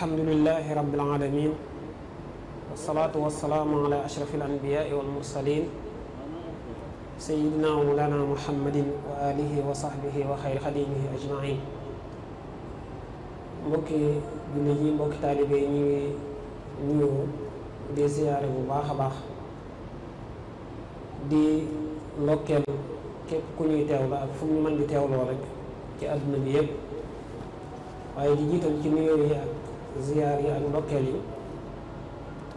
alhamdulilahi rabbil alamin wasalaatu wasalaamu ala ashrafi al anbiyaai wal mursalin sayidina wa mawlana muhammadin wa alihi wa sahbihi wa xayri xadimihi ajmain mbokki jullit yi mbokki taalibe yi ñu ngi nuyu di ziyaare bu baax a baax di lokkeel képp ku ñuy teewlu ak fu ñu mën di teewloo rek ci àdduna bi yépp waaye di jiital ci nuyoo yi ak ziyaar yi ak ndokkeel yi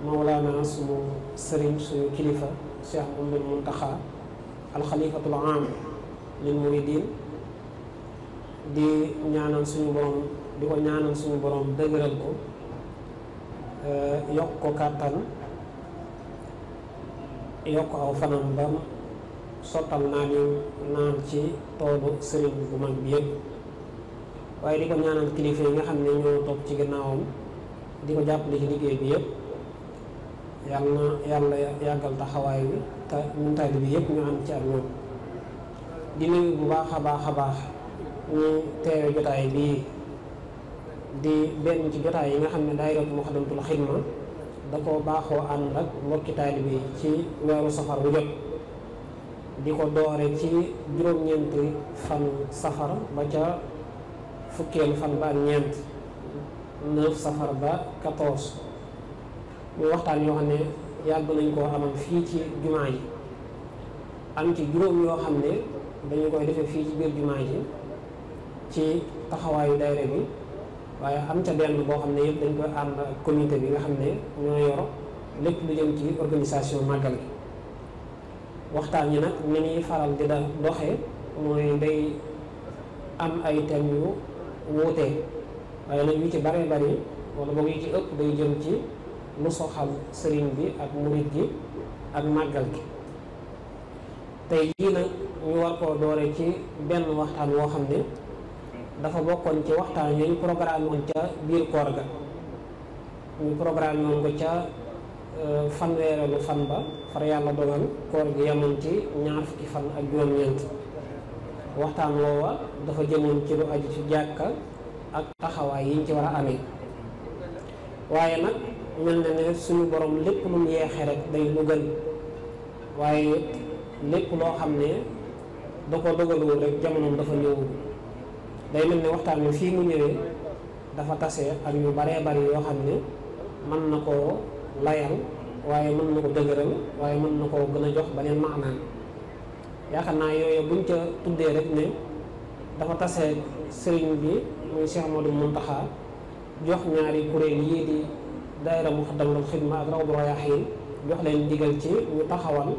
mawlaana sunu sëriñ suñu kilifa cheikh Mouhamadou Mountakha alxalifatul aam lil muridin di ñaanal suñu borom di ko ñaanal suñu borom dëgëral ko eh, yokk ko kàttan yokk aw fanam bam sottal naa ni naan ci toolu sëriñ bu mag bi yëpp waaye di ko ñaanal kilifa yi nga xam ne ñoo topp ci ginnaawam di ko jàppale ci liggéey bi yëpp yàlla na yàlla yàggal taxawaay bi te ñun taali bi yëpp ñu am ci ak ñoom di nuyu bu baax a baax a baax ñu teewe jotaay bii di benn ci jotaay yi nga xam ne daayira Muxaddamatul Xidma da ko baaxoo ànd ak mbokki taalibe yi ci weeru safar wu jot di ko doore ci juróom-ñeenti fan safar ba ca fukkeelu fan ba ak ñeent neuf safar ba quatorze muy waxtaan yoo xam ne yàgg nañ koo amal fii ci jumaa yi am ci juróom yoo xam ne dañu koy defee fii ci biir jumaa ji ci taxawaayu daayira bi waaye am ca benn boo xam ne yëpp dañ koy ànd ak bi nga xam ne ñoo yor lépp lu jëm ci organisation màggal gi waxtaan yi nag ni ñuy faral di da doxee mooy day am ay thèmes yu wuute waaye nag yu ci bare bari wala boog yu ci ëpp day jëm ci lu soxal sëriñ bi ak murit gi ak màggal gi tey jii nag ñu war koo doore ci benn waxtaan woo xam ne dafa bokkoon ci waxtaan yañ programme woon ca biir koor ga ñu programme woon ko ca euh, fanweereelu fan ba far yàlla dogal koor gi yamoon ci ñaar fukki fan ak juróom-ñeent waxtaan woowa dafa jëmoon ci lu aju ci jàkka ak taxawaay yiñ ci war a amee waaye nag mel na ne suñu borom lépp lu mu yeexee rek day lu gën waaye lépp loo xam ne da ko dogaluwul rek jamonoom dafa ñëwul day mel ne waxtaan wi fii mu ñëwee dafa tase ak ñu baree bari yoo xam ne mën na koo layal waaye mën na ko dëgëral waaye mën na koo gën a jox beneen maanaan yaakaar naa yooyu buñ ca tuddee rek ne dafa tase sëriñ bi muy Cheikh Amadou Muntaxa jox ñaari kuréel yii di daayira Muxaddamatul Xidma ak Rawdu Rayaahiin ci ñu taxawal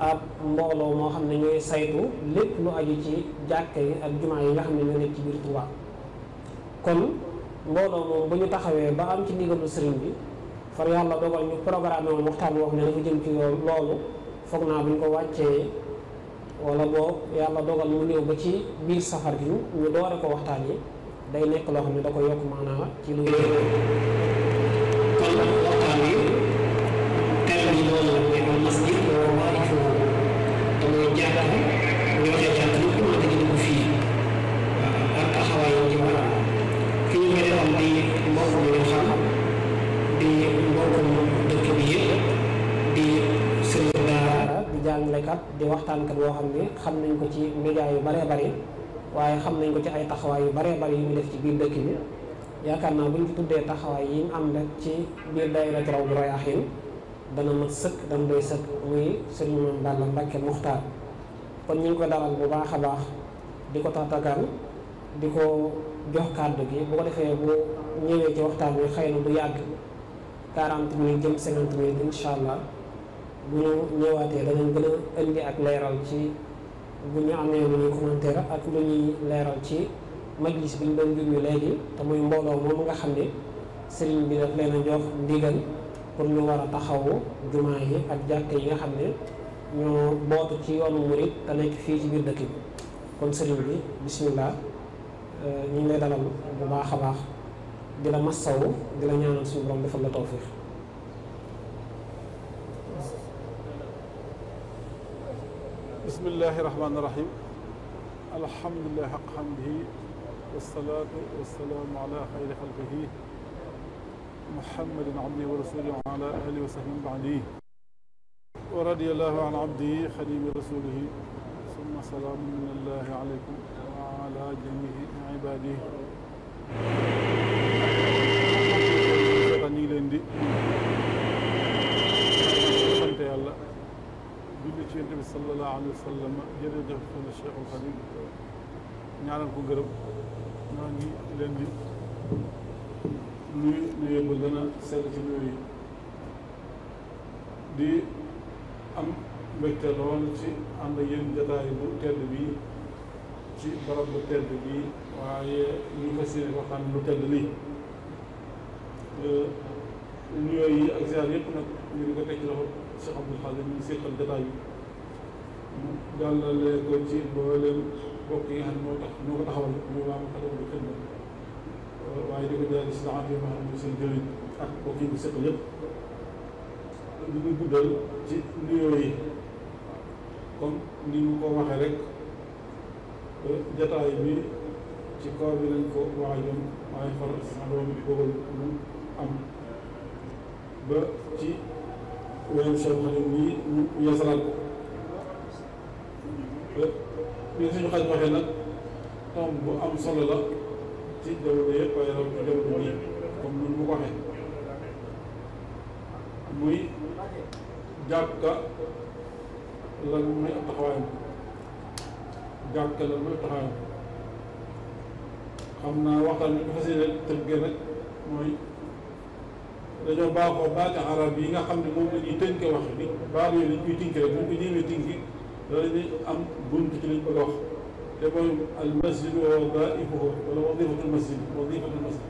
ab mbooloo moo xam ne ñooy saytu lépp lu ci jàkka yi ak jumaa yi nga xam ne ñoo ci biir mbooloo moom bu ñu taxawee ba am ci ndigalu sëriñ bi far yàlla dogal ñu programme woon waxtaan woo xam ne dafa jëm ci loolu foog naa bu ñu ko wàccee wala boo yàlla dogal mu néew ba ci biir safar gi ñu doore ko waxtaan yi day nekk loo xam ne da ko yokk maanaa ci lu kon waxtaan yi di waxtaankat boo xam ne xam nañ ko ci média yu bare bëri waaye xam nañ ko ci ay taxawaay yu bëree bëri yu mu def ci biir dëkk bi yaakaar naa bu ñu tuddee taxawaay yi mu am rek ci biir daayira Rawdu Rayaahiin dana mat sëkk dana doy sëkk muy sëriñ Maam Balla Mbàkke Muxtaar kon ñu ngi ko dalal bu baax a baax di ko tatagal di ko jox kàddu gi bu ko defee bu ñëwee ci waxtaan wi xëy na du yàgg 40 minutes jëm 50 minutes incha allah. bu ñu ñëwaatee danañ gën a indi ak leeral ci bu ñu amee lu ñuy commentaire ak lu ñuy leeral ci majlis bi ñu doon junj léegi te muy mbooloo moom nga xam ne sëriñ bi daf leen a jox ndigal pour ñu war a taxawu jumaa yi ak jàkk yi nga xam ne ñoo bootu ci yoonu murit te nekk fii ci biir dëkk bi kon sëriñ bi bismillah euh, ñu ngi lay dalal bu baax a baax di la massawu di la ñaanal suñu borom defal la tawfiix bismillahi rahmaani rahim alhamdulilah xaq xamdihi wasalaatu wasalaamu ala xayri xalqihi muhammadin abdihi wa rasulihi wa ala alihi wa sahbihi baadihi wa radiyallahu an abdihi xadimi rasulihi summa salaamu minallahi aleykum wa ala jamihi ibadihi ñu ngi leen di ci yonent bi sallallahu alayhi wa sallam jërëjëf Cheikhul Khadim ñaanal ko gërëm ñoo ngi leen di ci nuyu yi di am mbégte ci ànd ak yéen jotaay bu tedd bi ci barab bu tedd bii waaye ñu fas yéene waxtaan lu tedd lii nuyoo yi ak ziar yëpp nag ñu ngi ko teg ci loxo Cheikh Abdoul Khadim ñu jàllale ko ci mboolem mbokk yi nga moo tax moo ko taxawal moo waaye di ko jàllale si daxante ma xam ne seen jëriñ ak mbokk yi sëq yëpp ñu ngi guddal ci nuyoo yi comme ni mu ko waxee rek jataay bi ci kaw bi lañ ko waajoon waaye xol sama doom bi bëggal mu am ba ci wéyum seen xarit yi ñu yeesalaat bi suñu xaj waxee nag tomb bu am solo la ci jamono yëpp waaye raw ci jamono bii comme nun mu ko waxee muy jàkka lan muy ab taxawaayam jàkka lan muy ab taxawaayam xam naa waxtaan bi fas yéene tëggee nag mooy dañoo baaxoo baati arab yi nga xam ne moom la ñuy tënke wax bi baat yooyu lañ ñuy tënke rek bu ñu ko ñëwee loolu dañuy am bunt ci liñ bëgg a mooy al masjidu wa wadaifuhu wala wadifatul masjid wadifatul masjid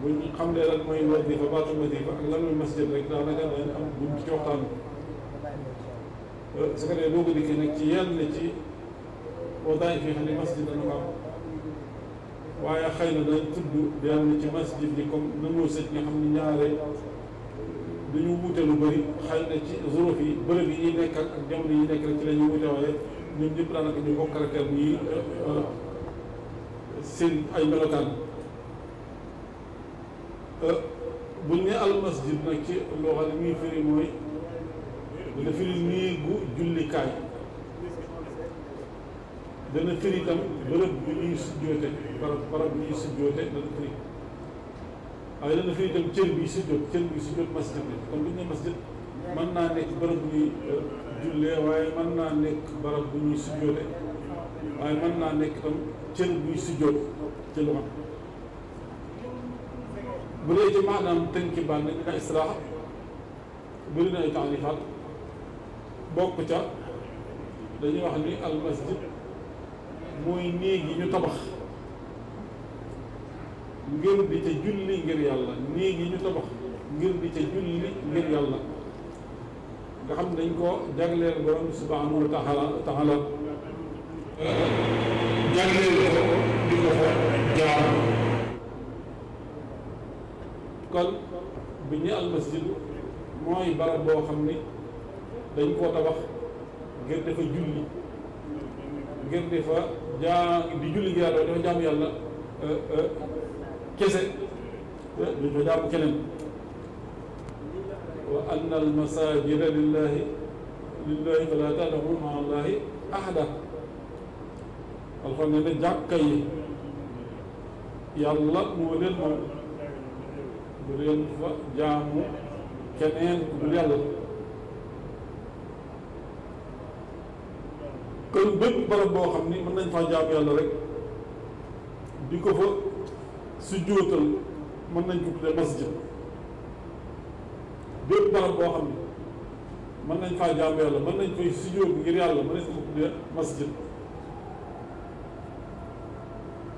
buñ xam ne lan mooy ak lan mooy masjid rek daanaka dañ am bunt ci waxtaan bi euh, su ko defee boo ko dikkee nag ci yenn ci wadaif yi xam ne masjid dana ko am waaye xëy na dañ tudd benn ci masjid yi comme nanoo sëj nga xam duñu wuute lu bëri xëy na ci zorof yi bërëb yi ñuy nekk ak jamono yi nekk rek ci la ñuy wuute waaye ñun ñëpp daanaka ñu bokk caractère ñuy euh, seen ay melokaan euh, bu ñu ne almasjid nag ci loo xam ne muy firi mooy dana firi jullikaay dana firi tam bërëb bu ñuy sujjoote barab barab ñuy sujjoote dana firi waaye nag dafay jël cër bi sujjóot cër bi sujjóot masjid la masjid mën naa nekk barab bu ñuy euh, jullee waaye mën naa nekk barab bu ñuy sujjóote waaye mën naa nekk tam cër buy sujjóot ci lu am bu dee ci maanaam tënki baat nañ ka istilaax bëri na taalifaat bokk ca dañuy wax ni al masjid mooy néeg yi ñu tabax ngir di ca julli ngir yàlla nii gi ñu tabax ngir di ca julli ngir yàlla nga xam dañ koo jagleel borom subhanahu wa taala taala jagleel ko di ko fa jaar kon bi ñu almasjid mooy barab boo xam ni dañ koo tabax ngir dafa julli ngir di fa jaa di julli gi yàlla dafa jaam yàlla kese eh, du ñu ko jàpp keneen wa anna al masajida lillahi lillahi fala tad'u ma'a allahi ahada alxam ne ne jàkka yi yàlla moo leen moom bu leen fa jaamu keneen ku dul yàlla kon bépp barab boo xam ni mën nañ faa jaamu yàlla rek di ko fa su jóotal mën nañ ko tuddee masjid bépp barab boo xam ne mën nañ faa jaamu yàlla mën nañ fay si jóot ngir yàlla mën nañ ko tuddee masjid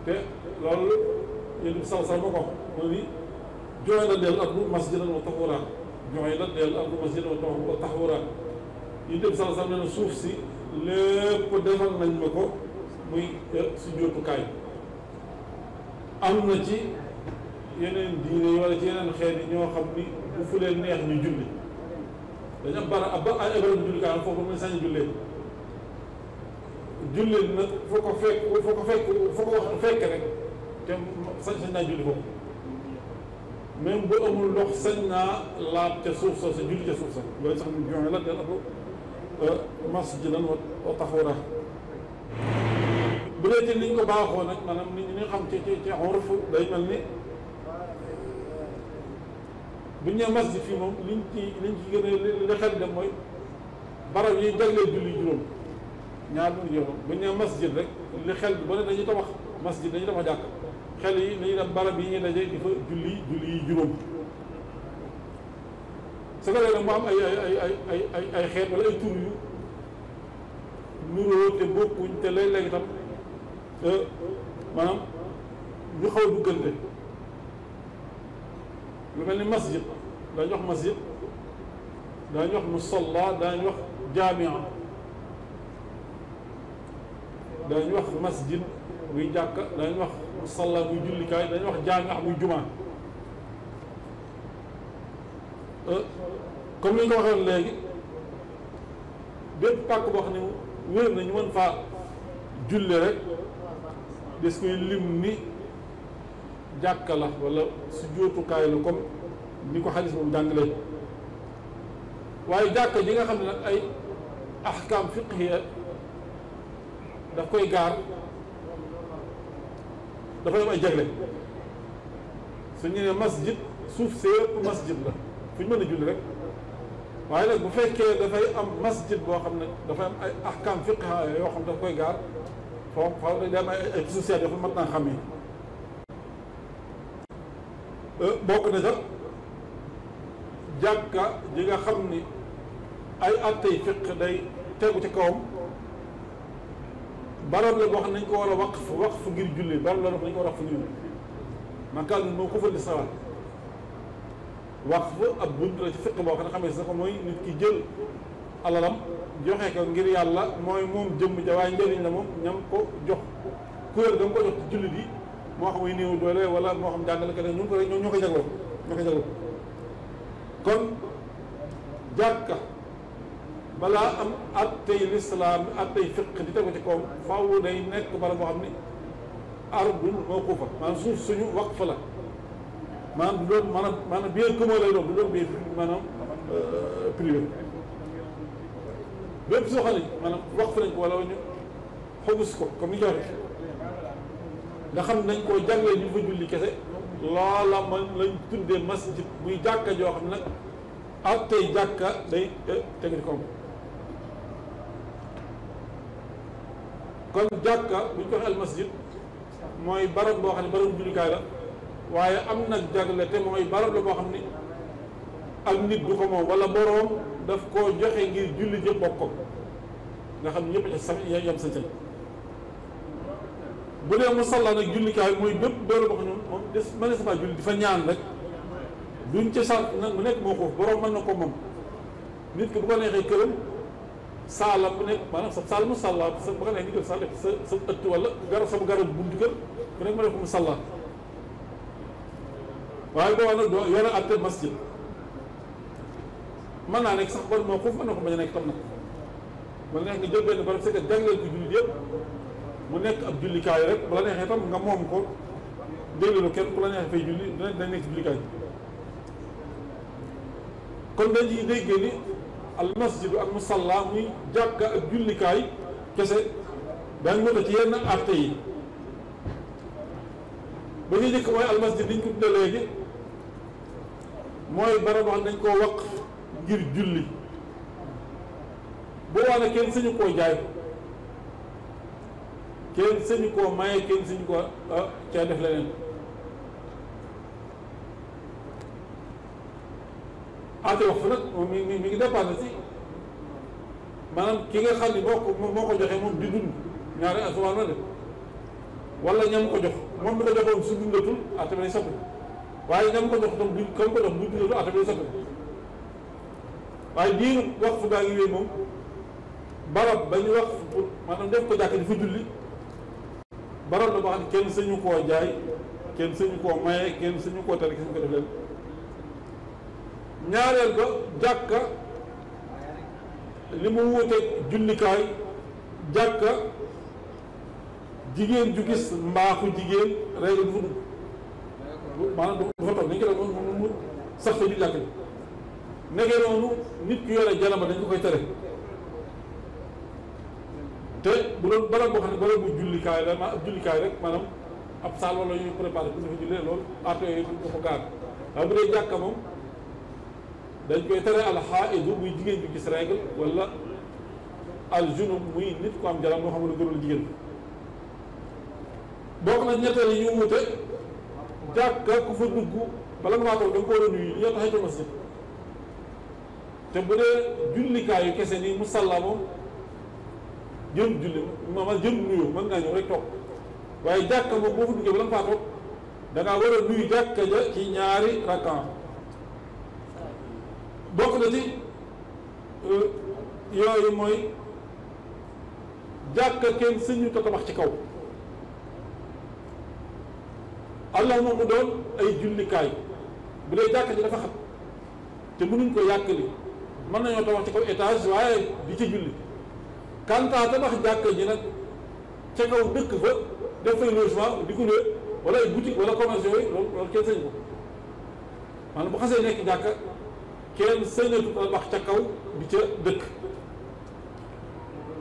te loolu yéen bi saw sax ba ko ma ni joxe na deel ardu masjidan wa taxuuraan joxe na deel ardu masjidan wa taxuuraan yi dem sax sax suuf si lépp defal nañ ma ko muy eh, sujjóotukaay am na ci yeneen diine yi wala ci yeneen xeet yi ñoo xam ni bu fu leen neex ñu julli dañu am bara ab ay bërëb julli kaay foofu mën sañ jullee julli nag foo ko fekk foo ko fekk rek te sañ sañ naa julli foofu même bu amul ndox sañ naa laab ca suuf sa sa julli ca suuf sa loolu sax ñu joxe la del ab masjidan wa taxawra bu dee ci niñ ko baaxoo nag maanaam nit ñi xam ci ci ci urf day mel ni bu ñu nee masjid fii moom liñ ci liñ ci gën a li xel dem mooy barab yi jagleel julli juróom ñaar bu ñu bu nee masjid xel bi ba dañuy tabax masjid dañuy tabax jàkk xel yi dañuy dem barab yi ñuy daje di fa julli julli yi juróom su ko defee mu am ay xeet wala ay tur yu nuróo te bokkuñ te léeg-léeg itam. Euh, euh, maanaam ñu xaw a duggante lu mel ni masjid daañu wax masjid daañu wax musalla daañu wax jaamia daañu wax masjid muy jàkka daañu wax musalla muy jullikaay daañu wax jaamia muy jumaa euh, comme li ko waxee léegi bépp pàkk boo xam ne wér nañu mën faa julli rek des koy lim ni jàkka la wala su jootukaay la comme ni ko xadis boobu jàngale waaye jàkka ji nga xam ne nag ay ahkam fiqhiya daf koy gaar dafa am ay jagle suñu ne masjid suuf see yëpp masjid la fu ñu mën a julli rek waaye nag bu fekkee dafay am masjid boo xam ne dafay am ay ahkam fiqhiya yoo xam daf koy gaar foo foo day am ay ay xam mat naa xàmmee bokk na sax jàkka ji nga xam ni ay attey fiq day tegu ci kawam barab la boo xam ne dañ ko war a wax waqf ngir julli barab la boo xam ne ko war a waqf ngir makaal moo ko fa di sawar waqf ab bunt la boo xam ne xamee sax ko mooy nit ki jël alalam joxe ko ngir yàlla mooy moom jëmm ja waaye njëriñ la moom ñam ko jox kuréel ga nga ko jox ci jullit yi moo xam néew doole wala moo xam jàngale ko ne ñu ngi ko ñoo ñoo ko jagloo ñoo ko jagloo kon jàkka balaa am attey lislaam attey fiq di tegu ci koom faaw day nekk bala moo xam ne ardul mawqufa maanaam suuf suñu waqf la maanaam du doon maanaam maanaam bien commun lay doon du doon bien maanaam euh, privé bépp soxali maanaam wax fa nañ ko wala ñu xobus ko comme ni ñu waxee nga xam nañ koo jàngale ñu fa julli kese loola man lañ tuddee masjid muy jàkka joo xam nag ak ah, tey jàkka day eh, tegri kon jàkka bu ñu ko waxee mooy barab boo xam ne barab jullikaay la waaye am nag jagle te mooy barab la boo xam ne ak nit du ko moom wala boroom daf ko joxe ngir julli jëpp bokk ko nga xam ñëpp ci sax yam sa cël bu dee musalla nag jullikaay mooy bépp béréb boo xam ne moom des mënees di fa ñaan rek duñ ca nekk ko na ko moom nit ki bu ko neexee këram saala bu nekk maanaam sa mu musalla sa bu ko neexee nga jël saal sa sa ëtt wala garab sama garab buntu kër bu nekk ma def ko musalla waaye boo doo yore atte masjid mën naa nekk sax bon moo xuuf mën na ko bañ a nekk tam na ba neex nga benn barab c'est que jagleel ko jullit yëpp mu nekk ab jullikaay rek bu la neexee tam nga moom ko déglu kenn ku la neexee fay julli dina dañ nekk jullikaay kon dañ ciy déggee ni al ak musalla muy jàkka ak jullikaay kese daañu mën a ci yenn àtte yi ba ñuy njëkk mooy al masjid ñu ko tuddee léegi mooy barab wax dañ koo waq. ngir julli boo wax ne kenn sañu koo jaay kenn sañu koo maye kenn sañu ko ah, caa def leneen ate wax fu nag mi mi mi ngi dépendre si maanaam ki nga xam ni moo ko moo ko joxee moom di dund ñaari asuwaan la def wala ñam ko jox moom mi ko joxoon su dundatul ate bi lay soppi waaye ñam ko ko jox dundatul ate bi lay waaye diiru waqfu gaa ngi wéy moom barab ba ñu waqf pour maanaam def ko jàkk di fa julli barab la boo xam kenn sañu koo jaay kenn sañu koo maye kenn sañu koo tere kenn sañu ko def leen ñaareel ba jàkka li mu wuuteeg jullikaay jàkka jigéen ju gis mbaaxu jigéen rey du fa dugg maanaam du fa toog dañu ko def moom sax fa julli jàkk nege noonu nit ku yore janaba dañ ko koy tere te bu doon barab boo xam ne barab bu jullikaay la maanaam ab jullikaay rek maanaam ab saal wala ñuy préparé pour dafa jullee loolu ato yooyu dañ koy tere al xaaidu muy jigéen bi gis règle wala al muy nit ku am jalam boo xam ne gënul jigéen bokk na ñetteel yi ñu wute jàkka ku fa dugg bala nga maa toog da nga ko war a nuyu li ñoo te bu dee jullikaayu kese nii musalla moom jën julli ma ma jëm nuyu mën ngaa ñëw rek toog waaye jàkka moom boo fa duggee bala nga faa toog war a nuyu jàkka ja ci ñaari rakkaan bokk na ci euh, yooyu mooy jàkka kenn sëñu ko tabax ci kaw allah moom mu doon ay jullikaay bu dee jàkka ji dafa xam te mënuñ ko yàq li mën nañoo tabax ci kaw étage waaye di ci julli kanta tabax jàkka ji nag ca kaw dëkk fa def fay logement di ko luyee wala ay boutique wala commerce yooyu loolu loolu kenn sañ ko maanaam bu xasee nekk jàkka kenn sañatu tabax ca kaw di ca dëkk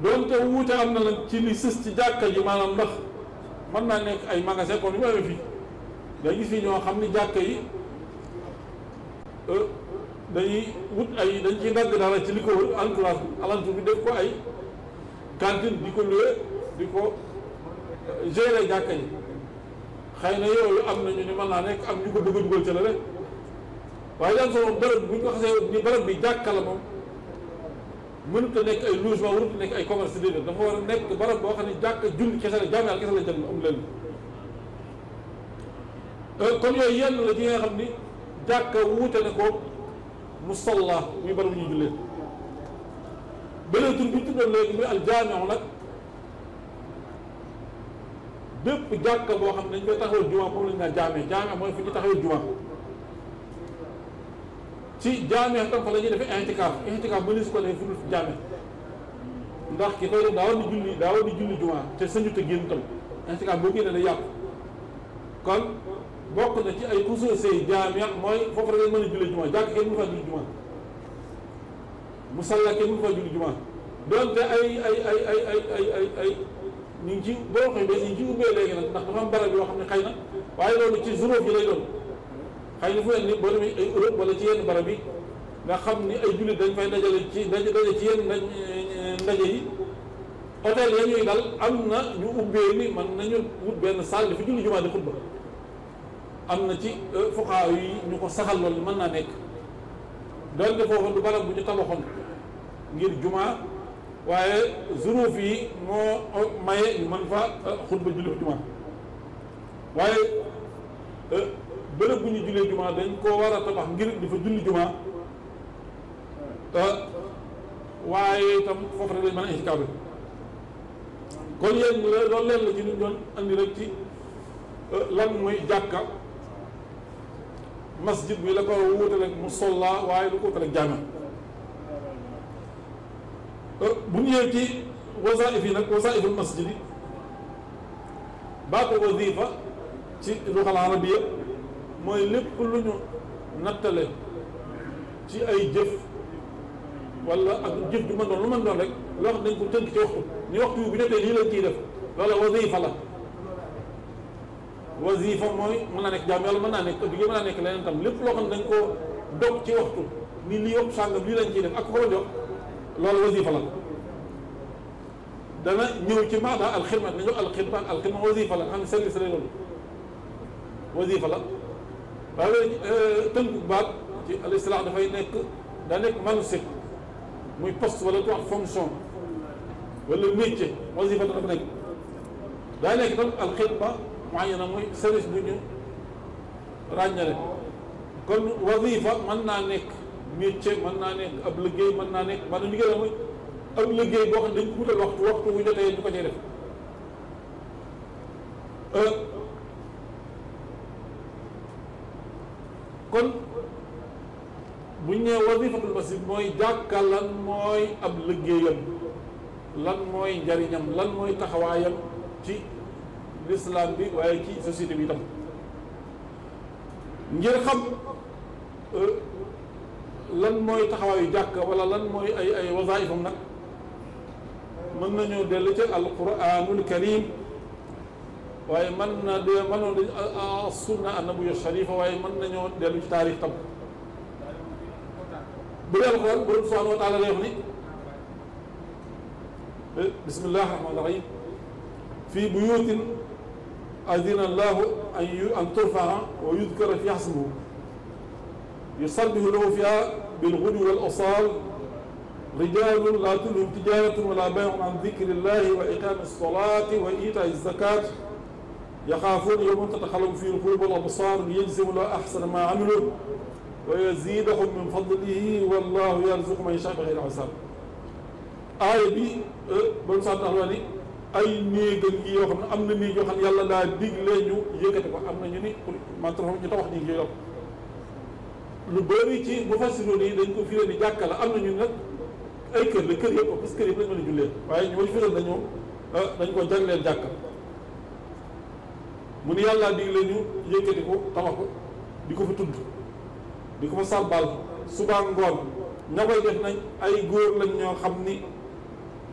doonte wuute am na la ci li sës ci jàkka ji maanaam ndax mën naa nekk ay magasin comme ni ma amee fii day gis fii ñoo xam ni jàkka yi euh, dañuy wut ay dañ ciy dagg dara ci li ko wër enclave bi alantu bi def ko ay cantine di ko luwe di ko euh, gérer jàkka yi xëy na yooyu am na ñu ni mën naa nekk am ñu ko dugg dugal ci la rek waaye daan soo moom bërëb bu ñu ko xasee ni bërëb bi jàkka la moom mënut a nekk ay logement mënut a nekk ay commerce déedéet dafa war a nekk bërëb boo xam ne jàkka julli kese la jaamu Yàlla kese la jëm am leen comme euh, yooyu yenn la ci nga xam ni jàkka wuute na ko musalla muy bari bu ñuy jullee beneen tur bi ñu tuddoon léegi muy aljaamiu nag bépp jàkka boo xam ne dañ koy taxawal jumaa moom lañ naan jaamee jaamee mooy fi ñu taxawal jumaa ci jaamee tam fa la ñuy defee intikaaf intikaaf mënees ko defee fu dul jaamee ndax ki koy def daa war di julli daa war di julli jumaa te sañu te génn tam intikaaf boo génnee day yàqu kon bokk na ci ay xusuuse yi mooy foofu rek mën a julli juma jàkk kenn mënu fa julli juma musalla kenn mënu fa julli juma donte ay ay ay ay ay ay ci boo xoolee ñu ngi ci yoo xam ne xëy na waaye loolu ci juróom yi lay doon xëy na fu leen ni boo demee ay Europe wala ci yenn barab yi nga xam ni ay jullit dañ fay dajale ci dajale ci yenn ndaje yi hôtel ya ñuy dal am na ñu ubbee ni man nañu wut benn salle fi julli juma di xutba am na ci euh, fuqaa yi ñu ko saxal loolu mën naa nekk doonte foofu du barab bu ñu tabaxoon ngir jumaa waaye zuruuf yi moo euh, maye ñu mën fa euh, xutba jullit koo war a tabax ngir di fa julli jumaa waaye itam foofu rek mën a itikaaf bi kon yéen loolu leen la ci ñu doon andi rek ci lan mooy jàkka masjid bi la ko wuutale ak musalla waaye lu ko wuutale ak jaama euh, bu ñëwee ci wasaif yi nag wasaiful masjid yi baatu wasifa ci luxal arabiya mooy lépp lu ñu nattale ci ay jëf wala ak jëf ju mën doon lu mën doon rek loo xam dañ ko tënk ci waxtu ni waxtu yu bu jotee lii lañ ciy def loola wasifa la wasifa mooy mën naa nekk jaam yàlla mën naa nekk addugee mën naa nekk leneen tam lépp loo xam ne dañ koo dog ci waxtu ni lii yëpp sàngam lii lañ ciy def ak ko ko jox loolu wasifa la dana ñëw ci maada alxidma nañu alxidma alxidma wasifa la xam ne service lay euh, baat ci al dafay nekk daa nekk manusik muy poste wala tu wax fonction wala métier wasifa dafa nekk daa nekk tam alxidma maa muayyana muy service bu ñu ràññale kon wazifa mën naa nekk métier mën naa nekk ab liggéey mën naa nekk maanaam liggéey la muy ab liggéey boo xam ne dañ ko wutal waxtu waxtu wu jotee ñu ko cay def euh, kon bu ñu nee wazifatul masjid mooy jàkka lan mooy ab liggéeyam lan mooy njariñam lan mooy taxawaayam ci l'islam bi waaye ci société bi itam ngir xam euh, lan mooy taxawaayu jàkka wala lan mooy ay ay wasaayifam nag mën nañoo dellu ca alquranul karim waaye mën na de mënoon dañ sunna annabiyu sharifa waaye mën nañoo dellu ci taarix tam bu dee alquran borom subhanahu wa taala day wax ni bismillah rahmaan rahim fii buyuutin أذن الله أن ترفع ويذكر فيها اسمه يصبح له فيها بالغدو والأصال رجال لا تلهم تجارة ولا بيع عن ذكر الله وإقام الصلاة وإيتاء الزكاة يخافون يوما تتقلب فيه القلوب والأبصار ليجزم له أحسن ما عملوا ويزيدهم من فضله والله يرزق من يشاء بغير حساب aaya bi ba mu sant alwani ay néeg ak yoo xam ne am na néeg yoo xam yàlla daa digle ñu yëkkati ko am na ñu ni pour man trop ñu tabax néeg yooyu lu bëri ci bu fassiroon yi dañ ko firee ni jàkka la am na ñu nag ay kër la kër yëpp parce que kër yëpp lañ mën a jullee waaye ñoo firee nañu ah, dañ ko jagleel jàkka mu ni yàlla digle ñu yëkkati ko tabax ko di ko fa tudd di ko fa sàbbaal suba ngoon ña def nañ ay góor lañ ñoo xam ni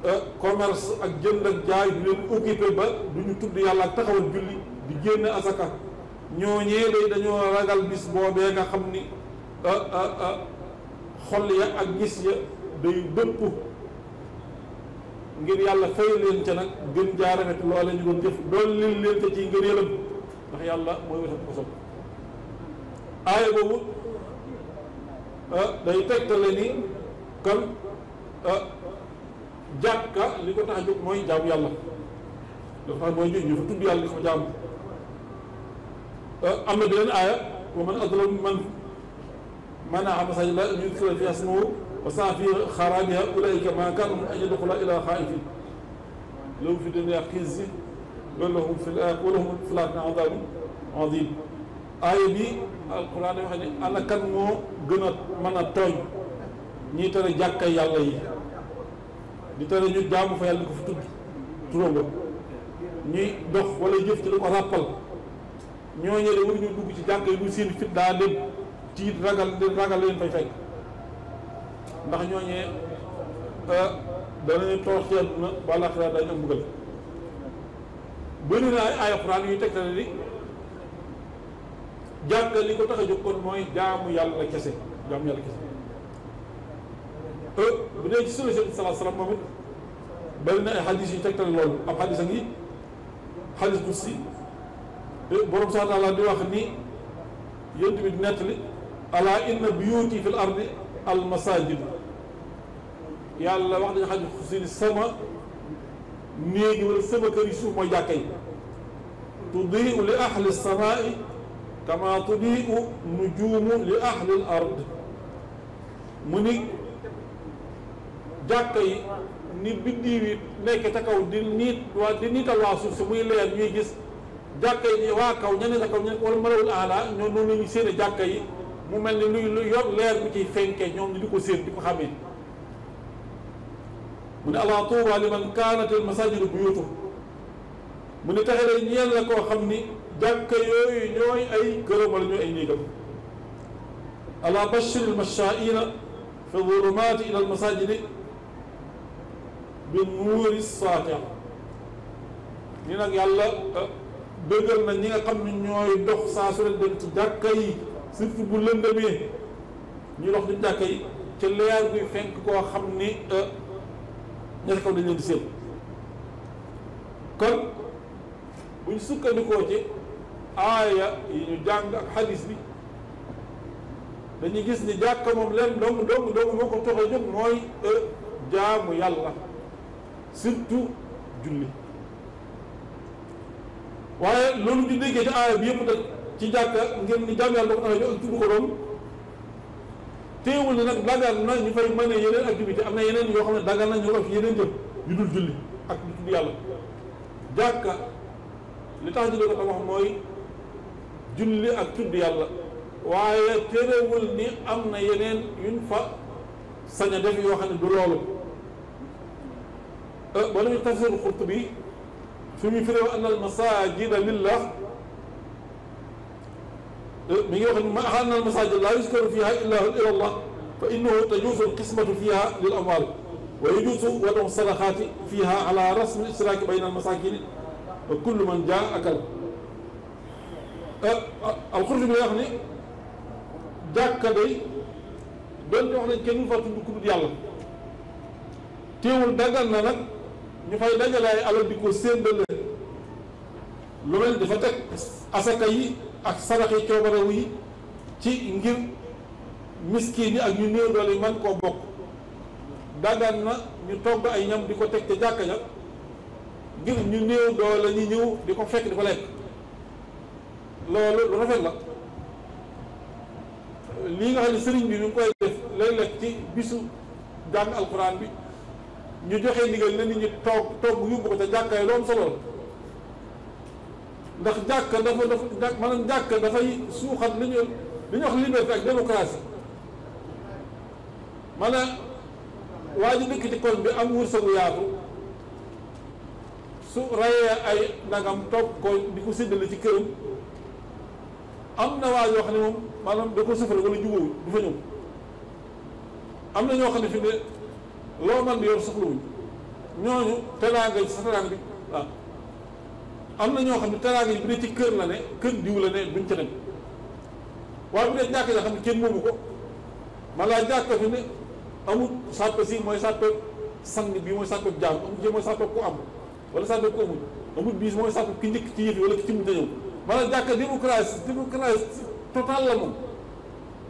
Euh, commerce ak jënd ak jaay du leen occupé ba du ñu tudd yàlla ak taxawal julli di génn asaka ñooñee day dañoo ragal bis boobee nga xam ni euh, euh, xol ya ak gis ya day dëpp ngir yàlla fay leen ca nag gën jaa rafet loole ñu leen ca ci ngëneelam ndax yàlla mooy wata ko sob aaya boobu day tegtale ni kon jàkka li ko tax a jóg mooy jaamu yàlla dafa tax mooy jóg ñu fa tudd euh, na beneen aaya wa man adlamu man manaa masaajid la an yuzkara fiihaa smuhu wa saa fi xaraabiha ulaa'ika maa kaanu an yadxula illaa xaa'ifiin lahum fi dunyaa khizyun wa lahum fil aaxirati wa lahum fil bi alquran wax ne ana kan moo gën a mën a tooñ ñiy tere jàkka yàlla yi di tere ñu jaamu fa yàlla ko fi tudd turam ba ñuy dox wala jëf ci lu ko ràppal ñooñu de waruñu dugg ci jàkk yi bu seen fit daa dem tiit ragal leen ragal leen fay fekk ndax ñooñee euh, danañu toox ci àdduna ba àllaaxira dañu am mbugal bëri na ay ay teg yuy tegtale ni jàkk li ko tax a jóg kon mooy jaamu yàlla kese jaamu yàlla kese Euh, bu dee ci sunna Yonent sallallahu alayhi wa sallam moom it ay xadis yu tegtal loolu am xadis a ngi xadis kursi borom saa taala di wax ni yonent bi di ala inna buyuti fil ardi al masajid yàlla wax nañu xadis kursi ni sama néegi wala sama kër yi suuf mooy jàkka yi tudiu li kama tudiu nujumu li ahli ard jàkka yi ni biddiw yi nekk ca kaw di niit waa di niital waa suuf si muy leer ñuy gis jàkka yi waa kaw ña ne sa kaw ña wala malawul aala ñoo noonu lañu seen jàkka yi mu mel ni luy lu leer bu ciy fenkee ñoom ñu di ko séen di ko xamee mu ne alaa tuuba li man kaanatil buyutu mu ne taxe day ñeel la koo xam ni jàkka yooyu ñooy ay këram wala ay néegam alaa bashiril mashaa'ina fi dhulumaati ila al masajidi bi nuuri saatiq ni nag yàlla bëggal eh, na ñi nga xam ne ñooy dox saa su ne dem ci jàkka yi surtout bu lëndëmee ñu dox ci jàkka yi ci leer guy fenk koo xam ni eh, ña ca kaw dañ di seen kon buñ sukkandikoo ci aaya yi ñu jàng ak xadis bi dañuy gis ni jàkka moom leen dong dong dong moo ko tox jóg mooy eh, jaamu yàlla surtout julli waaye loolu di déggee ci aaya bi yëpp nag ci jàkka ngeen ni jàmm yàlla dafa tax a jóg ak tudd ko doon téewul ne nag dagal na ñu fay mën yeneen activité am na yeneen yoo xam ne dagal na ñu ko yeneen jëf yu dul julli ak ñu tudd yàlla jàkka li tax jëlee ko tabax mooy julli ak tudd yàlla waaye téerewul ni am na yeneen yuñ fa sañ a def yoo xam ne du loolu boo demee tafsir Qurtubi fi muy firee anna al masajida lillah euh, mi ngi wax ma anna al masajida la yuskaru fiha illa allah fa innahu tajuuzu al qismatu fiha lil amwal wa yajuuzu wad'u sadaqaati fiha ala rasmi al ishraaki bayna al masaakin wa kullu man jaa akal euh, al Qurtubi wax ni jàkka day doon wax nañ kenn fa tudd ku dul yàlla teewul daggan na nag ñu fay dajalaay alal bi ko séddale lu mel dafa teg asaka yi ak sarax yi coobaraw yi ci ngir miskin yi ak ñu néew doole yi man koo bokk dagaan na ñu togg ay ñam di ko teg ca jàkka ja ngir ñu néew doole ñi ñëw di ko fekk di ko lekk loolu lu rafet la lii nga xam sëriñ bi mi ngi koy def lay lekk ci bisu al alquran bi ñu joxe ndigal na nit ñi toog toog yóbbu ko ca jàkkaay loolu solo la ndax jàkka dafa dafa maanaam jàkka dafay suuxat li ñu li ñu wax liberté ak démocratie maanaam waa ji dëkk ci koñ bi am wërsëgu yaatu su rayee ay nangam toog ko di ko séddale ci këram am na waa yoo xam ne moom maanaam da ko sëfara wala jubóowu du fa ñëw am na ñoo xam ne fi ne loo man di yor soxlawuñ ñooñu teraanga sa teraanga bi waaw am na ñoo xam ne teraanga yi bu dee ci kër la ne kër diw la ne duñ ca dem waaye bu dee jàkk la xam ne kenn moomu ko man laa si mooy sàppe sang bi mooy sàppe jaam amul jë mooy sàppe ku am wala sàppe ku amul amul biis mooy sàppe ki njëkk ci yëf yi wala ki ci mujj a ñëw man laa jàkka démocratie démocratie totale la moom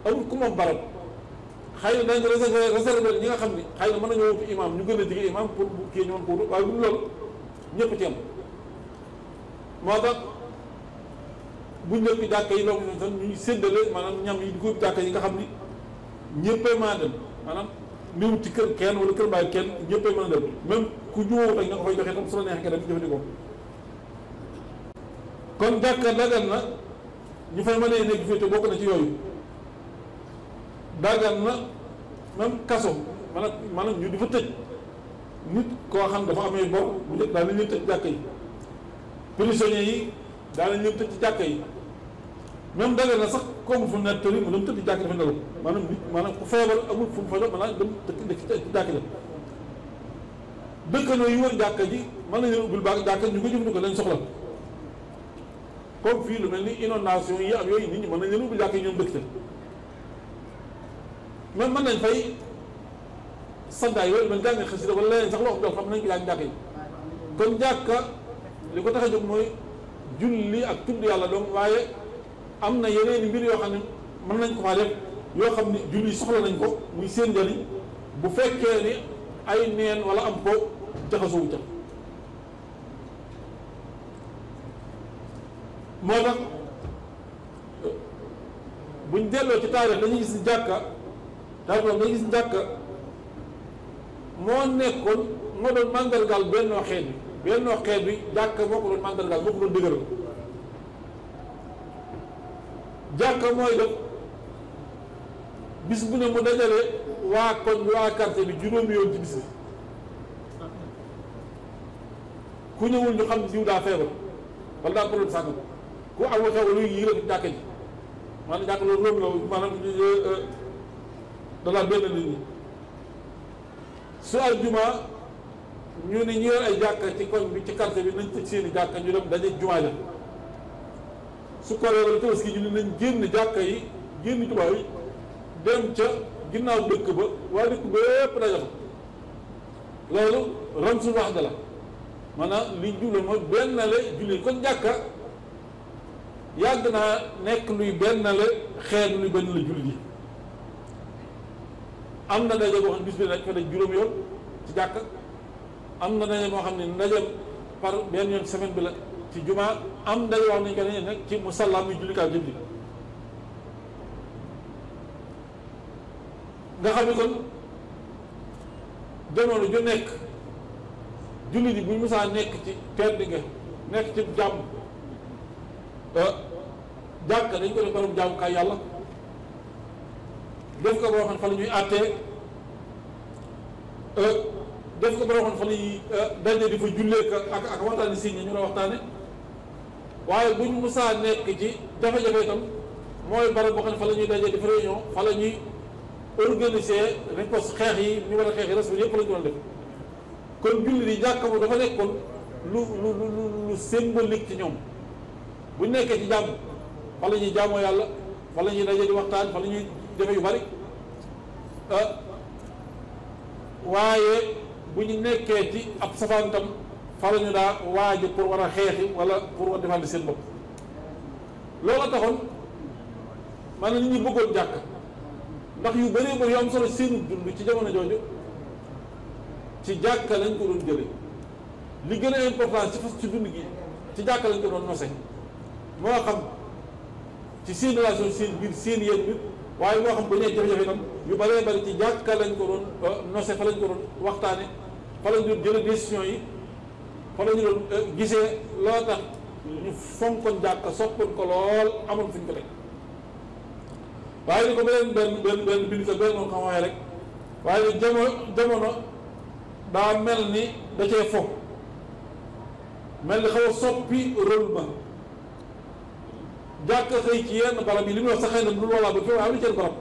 amul ku moom barab xëy na dañ ko réservé réservé ñi nga xam ni xëy na mën nañoo wutu imam ñu gën a jege imam bu kii ñu mën ko wut waaye bu loolu ñëpp ci am moo tax bu ñëpp jàkka yi loolu tam ñu séddale maanaam ñam yi di ko jàkka yi nga xam ni ñëppay mën a dem maanaam néew ci kër kenn wala kër mbaay kenn ñëppay mën a dem même ku juwoo rek nga ko fay joxee tam su la neexee dem jëfandikoo kon jàkka dagal na ñu fay mën a nekk féete bokk na ci yooyu daggan na même kaso maanaam maanaam ñu di fa tëj nit koo xam dafa amee bor bu njëkk daal ñu tëj jàkk yi prisonniers yi daal nañu tëj ci jàkk yi même daggan na sax comme fu nettali mu dem tëdd jàkk dafa nelaw maanaam nit maanaam ku feebar amul fu mu fajoo maanaam dem dëkk dëkk jàkk la dëkkandoo yi wër jàkka ji mën nañu ubbil baax jàkka ñu ko jëfandikoo lañ soxla comme fii lu mel ni inondation yi am yooyu nit ñi mën nañu leen ubbil jàkka ñoom dëkk man mën nañ fay santaay yooyu man jàngee xasida wala leneen sax loo xam ne xam nañ ko yaa ngi jàkka yi kon ko tax a jóg mooy julli ak tudd yàlla donc waaye am na yeneen mbir yoo xam ne mën nañ ko faa def yoo xam ne julli soxla nañ ko muy seen njëriñ bu fekkee ni ay neen wala am ko jaxasoo ca moo tax eh, buñ delloo ci taarix dañuy gis ni jàkka. daa doon nga gis jàkka moo nekkoon moo doon màndargaal bennoo xeet bi bennoo xeet bi jàkka moo ko doon màndargaal moo ko doon dëgëral jàkka mooy def bis bu ne mu dajale waa koñ waa quartier bi juróomi yoon ci ku ñëwul ñu xam diw daa feebar wala daa problème sànq ku amul xew lu yëg la ci jàkka ji maanaam jàkka loolu room la maanaam euh, euh, dalaa benn nit ñi su aljuma ñu ne ñu yor ay jàkka ci koñ bi ci quartier bi nañ tëj seeni jàkka ñu dem daje jumaa ja su koree wala tabaski ñu ne nañ génn jàkka yi génn tubaab yi dem ca ginnaaw dëkk ba waa dëkk ba yépp loolu ram wax da la maanaam li jublu mooy bennale julli kon jàkka yàgg naa nekk luy bennale xeet luy bennale julli yi am na ndaje boo xam ne bis bi dañ juróom yoon ci jàkk am na ndaje moo xam ne ndaje par benn yoon semaine bi la ci jumaa am ndaje wax nañ ko ne nag ci musalla muy nga xam ne kon jamono ju nekk jullit yi bu ñu musaa nekk ci tedd nga nekk ci jàmm ah, jàkk dañ ko def barab yàlla def ko boo xam fa la ñuy àttee euh, def ko boo xam fa la ñuy euh, di fa jullee ak ak waxtaane si ñu la waxtaane waaye buñ musaa nekk ci jafe-jafe itam mooy barab boo xam ne fa la ñuy daje di fa réunion fa la ñuy organiser riposte xeex yi ñu war a xeex yi rasul yëpp la ñu doon def kon jullit yi jàkka bu dafa nekkoon lu lu lu symbolique ci ñoom bu nekkee ci jàmm fa la ñuy jaamoo yàlla fa la ñuy di waxtaan fa la defe yu bari ah, waaye bu ñu nekkee ci ab safaan tam fa la ñu daa waaj pour war a xeexi wala pour war defandi seen bopp loolu taxoon maanaam nit ñi bëggoon jàkk ndax yu bëree bëri yu am solo seen dund ci jamono jooju ci jàkka lañ ko doon jële li gën a important ci fas ci dund gi ci jàkka lañ ko doon nose moo xam ci seen relation seen biir seen yéen nit waaye moo xam bu ñu nee yu bëree bëri ci jàkka lañ ko doon euh, nose lañ ko doon waxtaane fa lañ doon yi fa lañu euh, ko lool amoon waaye ni ko jamono jamono daa mel ni da cee fo mel ni xaw a soppi rôle ma jàkka say ci yenn barab yi li ñuy wax saxee na lu loolaa ba fi am na seen barab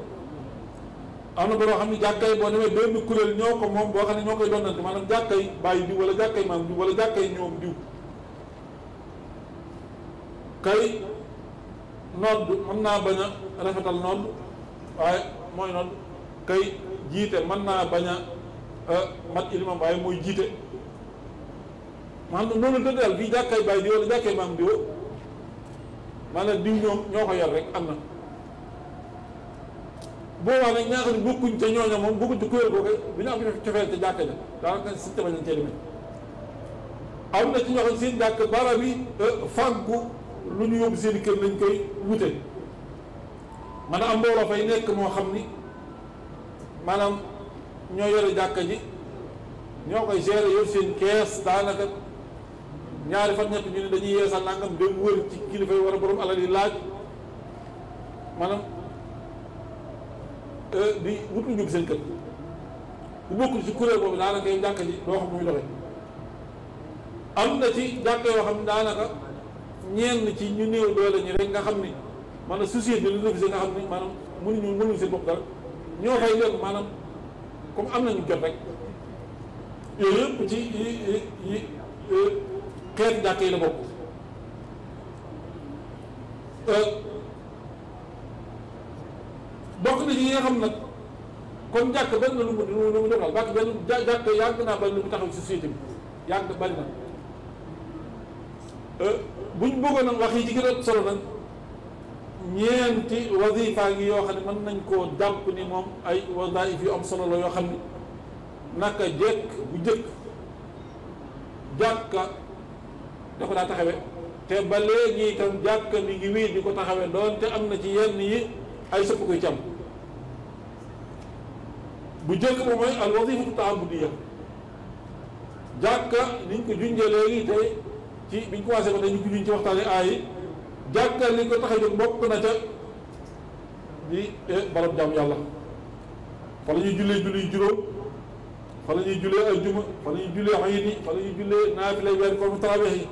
am na baroo xam ne jàkka yi boo demee benn kuréel ñoo ko moom boo xam ne ñoo koy donnante maanaam jàkka bàyyi diw wala jàkka yi maam diw wala jàkka yi ñoom diw kay naa bañ a rafetal nodd waaye mooy nodd kay jiite mën naa bañ a euh, mat ilimam waaye mooy jiite maanaam noonu la tëddal fii jàkkaay bàyyi diw wala jàkkaay maam diw maanaam diw ñoom ñoo ko yor rek am na boobaa nag ñaa xam ne bokkuñ te ñooña moom bokkuñ te kuréel googu bi ñu am cofeel te jàkk ja daanaka si tama nañ cee demee am na ci ñoo xam seen jàkk barab yi euh, fàggu lu ñu yóbbu seen kër lañ koy wute man am mbooloo fay nekk moo xam ni maanaam ñoo yore jàkka ji ñoo koy gérer yor seen kees daanaka ñaari fan ñett ñu ne dañuy yeesal nangam dem wër ci kilifa yi war a borom alal yi laaj maanaam euh, di wut lu jub seen kër bu bokkul ci kuréel boobu daanaka koy jàkk ji doo xam muy doxe am na ci jàkk yoo xam ne daanaka ñeen ci ñu néew doole ñi rek nga xam ni maanaam société bi lu refusé nga xam ni maanaam mënuñu mënuñu seen bopp dara ñoo fay lekk maanaam comme am nañu jot rek xeetu jàkk yi la bokk euh, bokk na yi nga xam nag kon jàkk benn lu mu lu mu defal bàkk benn jàkk yàgg naa bari lu mu taxaw ci société bi yàgg bari na euh, buñ bëggoon nag wax yi ci gën a solo nag ñeenti wasifa ngi yoo xam ne mën nañ koo jàpp ni moom ay wasaif yu am solo la yoo xam ne naka jekk bu jëkk jàkka da daa taxawe te ba léegi itam jàkka mi ngi wii di ko taxawe doon te am na ci yenn yi ay sëpp koy cam bu jëkk ba mooy al wazifatu taabudiya jàkka niñ ko biñ ba tey ñu ko junj ci waxtaane aay jàkka li ko tax a jóg bokk na ca di eh, barab jaam yàlla fa la jullee julli juróom fa la jullee ay juma fa yi jullee naafila weer comme tarawih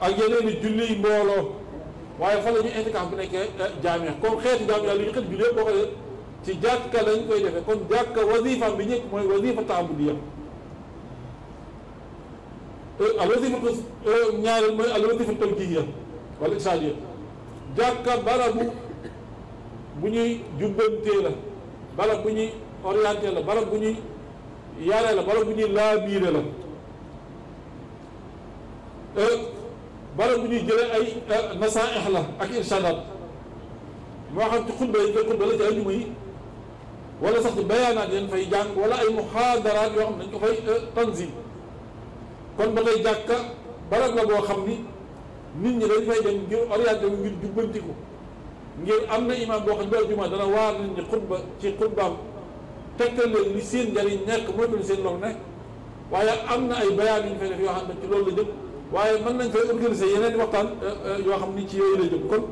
ak yeneen i julli mbooloo waaye fa la ñu intikaaf bi nekkee eh, jaamia kon xeetu jaamia lu ñu xeet julli yëpp boo xoolee ci jàkka lañ koy defee kon jàkka wasifa bi ñëkk mooy wasifa taabudiya eh, al wasifatu eh, ñaareel mooy al wasifatu tawjihiya wala irsaadiya jàkka barabu bu ñuy jubbantee la barab bu ñuy orienté la barab bu ñuy yaree la barab bu ñuy laabiire la barab bu ñuy jëlee ay euh, nasaaix la ak irshadaat moo xam ci xutba yi koy xutba la ci juma yi wala sax ci bayaanaat yeen fay jàng wala ay muxaadaraat yoo xam ne dañ ko fay euh, tanzim kon ba tey jàkka barab la boo xam ni nit ñi dañ fay dem ngir orienté ngir jubbantiku ngir am na imaam boo xam ne juma dana waar nit ñi xutba ci xutbaam tegtal leen li seen njëriñ nekk mooy seen loolu ne waaye am na ay bayaan yu ñu fay def yoo xam ne ci loolu la jëm waaye mën nañ fay organiser yeneen i waxtaan euh, euh, yoo xam ni ci yooyu lay jëm kon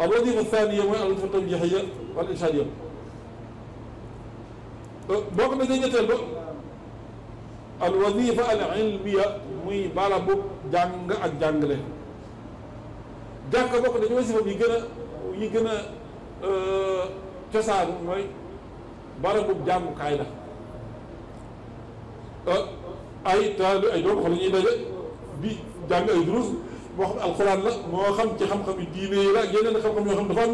al wadifa thaniya mooy al wadifa tawjihiya wal irshadiya euh, boo ko defee ñetteel ba al wadifa al ilmiya muy baala boobu jàng ak jàngale jàkk bokk dañu wasifa yi gën a yi gën a cosaanu mooy barabub jàngukaay la ay taalu ay doomu xam la ñuy daje bi jàng ay durus moo xam alxuraan la moo xam ci xam-xam yi diine la yeneen xam-xam yoo xam dafa am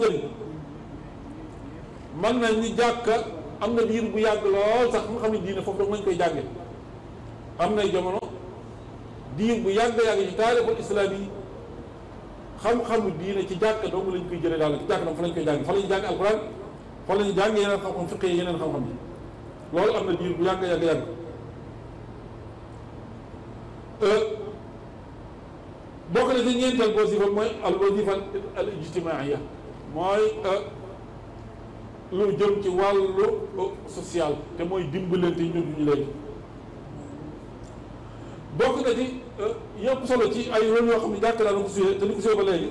njëriñ mën nañ ni am na diir bu yàgg lool sax xam-xam ne diine foofu rek lañ koy jànge am nay jamono diin bu yàgg yàgg ci taarixul islam yi xam-xamu diine ci jàkka dong lañ koy jëlee daal ci jàkka fa lañ koy jànge fa lañ jàng alxuraan fa lañ jàng yeneen xam-xam fiqh yeneen xam-xam yi loolu am na diir bu yàgg yàgg yàgg euh, bokk na ci ñeenteel wasifa mooy al wasifa al ijtimaaiya mooy euh, lu jëm ci wàllu euh, social te mooy dimbalante ñu duñu léegi bokk na ci euh, yëpp solo ci ay rôle yoo xam ne jàkk daal ko suyee te ni ko suyee ba léegi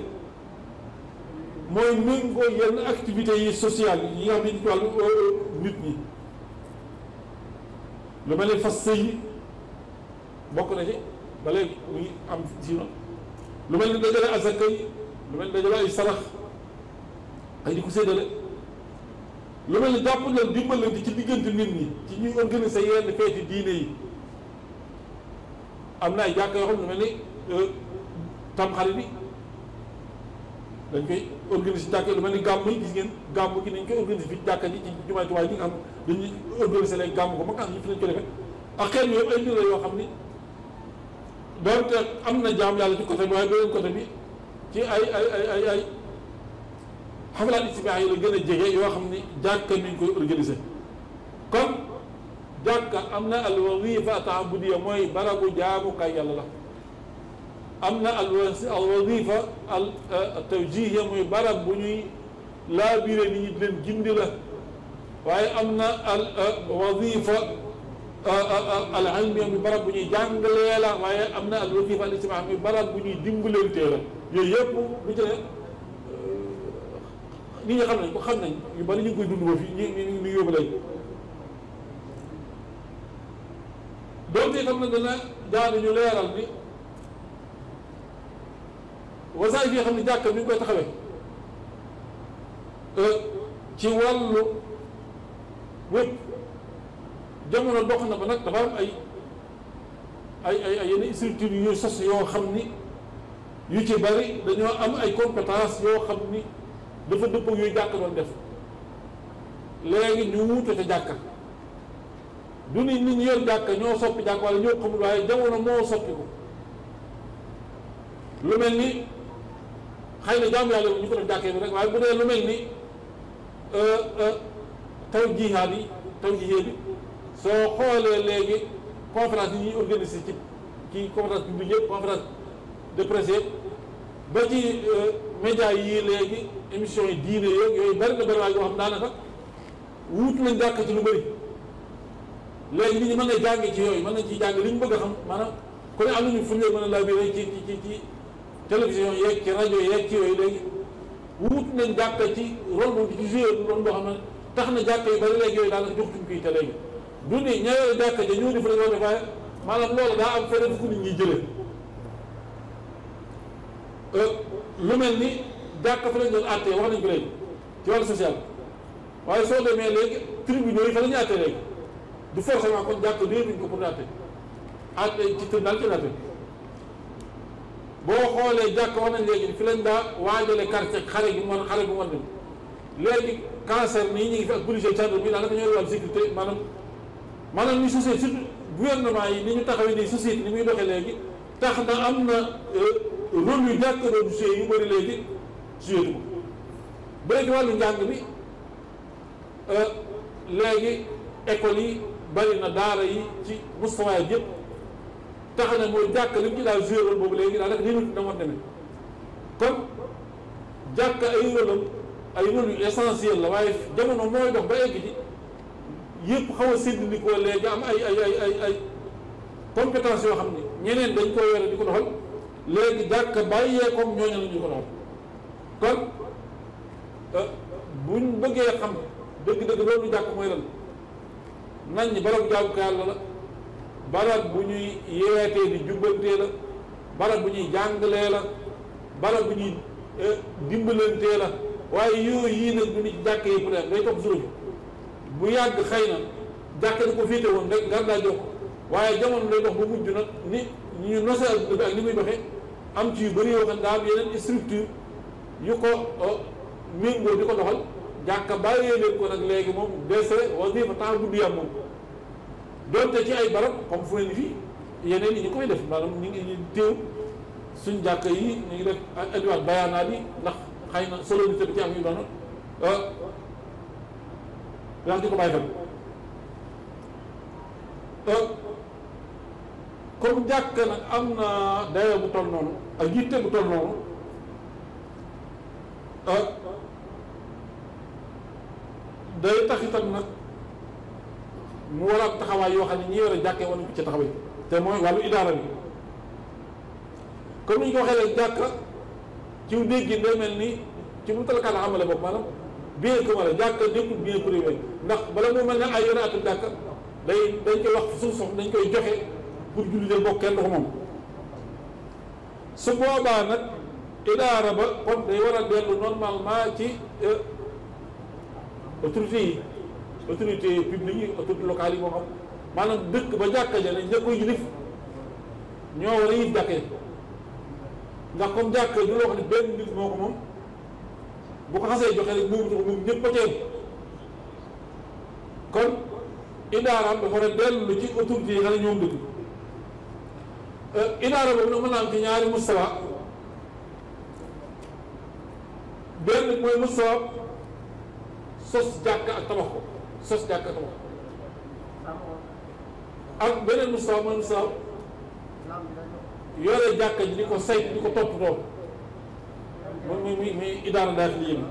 mooy méngoo yenn activités yi sociales yi nga xam ne ci wàllu nit ñi lu mel ne fas sëy bokk na ci ba léegi mu ngi am si lu mel ni dajale asaka yi lu mel ni dajale ay sarax ay di ko séddale lu mel ni jàpp leen dimbalante ci diggante nit ñi ci ñuy organiser yenn feeti diine yi am na ay jàkka yoo xam ne mel ni euh, tamxarit bi dañ koy organiser jàkka lu mel ni gàmm yi gis ngeen gàmm gi nañ koy organiser fi jàkka ji ci jumaay tuwaay yi nga dañuy organiser leen gàmm ko mag am ñu fi nañ ko defee ak xeet yooyu ay mbir la yoo xam ni doonte am na jaam yàlla ci côté bi waaye beneen côté bi ci ay ay ay ay ay xafalaat ijtimaa yi la gën a jege yoo xam ni jàkka ni ñu koy organiser kon jàkka am na al wazifa taabudiya mooy barabu jaamukaay yàlla la am na al al wazifa al tawjihiya mooy barab bu ñuy laabire nit ñi di leen gindi la waaye am na al wazifa al almiya mi barab bu ñuy jàngalee la waaye am na al watifa al ijtimaa mi barab bu ñuy dimbalantee la yooyu yëpp bu ci euh, nit ñi xam nañ ko xam nañ yu bari ñu koy dund ba fii ñu ñu ñu yóbbu lañ doonte xam ne dana jaar ñu leeral ni wasaay bi xam ne jàkka mi ngi koy taxawee euh, ci wàllu wépp jamono dox na ba nag dafa am ay ay ay ay yenn structure yu sos yoo xam ni yu ci bari dañoo am ay compétence yoo xam ni dafa dëppoo yooyu jàkk doon def léegi ñu wuute ca jàkka du ni nit ñi yor jàkka ñoo soppi jàkka wala ñoo xamul waaye jamono moo soppi ko lu mel ni xëy na jaamu yàlla ñu ko def jàkkee bi rek waaye bu dee lu mel ni euh, euh, taw jihaad yi taw jihee bi soo xoolee léegi conférence yi ñuy organiser ci ci conférence publique yëpp conférence de presse yëpp ba ci euh, média yii léegi émission yi diine yeeg yooyu bari na bari waay yoo xam daanaka wuutu lañ dàkk ci lu bëri léegi nit ñi mën na jàng ci yooyu mën nañ ci jàng li ñu bëgg a xam maanaam ku ne am nañu fu ñu mën a labiré ci ci ci télévision yeeg ci rajo yeeg ci yooyu léegi wuutu nañ jàkk ci rôle boobu ci joué rôle boo xam ne tax na jàkk yu bari léegi yooyu daanaka joxtuñ kuy du ni ñaareel jàkka ja ñoo def la ñoo def am feneen fu nit ñi jëlee euh, lu mel ni jàkka fa lañ wax nañ ko léegi ci wàllu social waaye soo demee léegi tribunaux yi fa la ñuy àttee léegi du forcément kon jàkka réer nañ ko pour àtte àtte ci tribunal ci àtte boo xoolee jàkka wax nañ léegi fi lañ daa waajale quartier xare gi mën xare bu mën dem léegi cancer nii ñu ngi fi ak policier cadre bi daanaka ñoo yor wàllu sécurité maanaam. maanaam ni société surtout gouvernement yi ni ñu taxawee ni société ni muy doxee léegi tax na am na euh, rôle yu jàkk doon joué yu bëri léegi joué ko bu dee wàllu njàng bi euh, léegi école yi bari na daara yi ci mustawa yëpp tax na mooy jàkk li mu ci daal joué boobu léegi daal rek nii na moon demee kon jàkk ay rôlam ay rôle yu essentiel la waaye jamono mooy dox ba egg ci yëpp xaw a séddalikoo léegi am ay ay ay ay compétence yoo xam ni ñeneen dañ koo yore di ko doxal léegi jàkk bàyyee comme ñooñu la ñu ko doxal kon euh, buñ bëggee xam dëgg-dëgg loolu jàkk mooy lan nañ barab jaamu yàlla la barab bu ñuy yeetee di jubbantee la barab bu ñuy jàngalee la barab bu ñuy euh, dimbalantee la waaye yooyu yii nag bu ni jàkk yi peut-être day topp juróomi bu yàgg xëy na jàkka ko féete woon rek nga daa jox waaye jamono lay dox ba mujj nag ni ñu nosee adduna bi ak ni muy doxee ci yu bëri yoo daa am yeneen structure yu ko méngoo di ko doxal jàkka bàyyee leen ko nag léegi moom a wasifa temps bu duyam moom donte ci ay barab comme fu ne fii yeneen yi ñu koy def maanaam ñu ngi ñu teew suñ jàkka yi ñu ngi def ak ajuwaat bayaanaat yi ndax xëy na solo bi ci am yi doon loolu di ko bàyyi xel euh, comme jàkk nag am na dayo bu toll noonu ak yitte bu toll noonu euh, day tax nag mu war a taxawaay yoo xam ne ñi war a jàkkee wala ci taxawee te mooy wàllu idaara bi comme ñu ko waxee rek jàkka ci wu dégg day mel ni ci mu talakaana xamale bopp maanaam bien commun la jàkka nekkul bien privé ndax bala mu mel ne ay yonaatu jàkka day dañ koy wax suuf sox dañ koy joxe pour jullit bokk kenn du ko moom su boobaa nag idaara ba kon day war a dellu normalement ci euh, autorité yi autorité publique yi autorité locale yi dëkk ba jàkka ja ne ña koy yilif ñoo war a yilif jàkka ndax comme jàkka ñu loo xam ne benn nit moo ko moom boo ko xasee joxe rek moom moom ñëpp a teel kon idaaraam dafa war a dellu ci autorité yi nga ne ñoom dëgg eh, idaara boobu nag mën naa am ci ñaari mustawa benn mooy mustawa sos jàkk ak tabax ko sos jàkk ak tabax ak beneen mustawa mooy mustawa yore jàkka ji ko sayt di ko topp topp muy muy muy idaara daaxiliya bi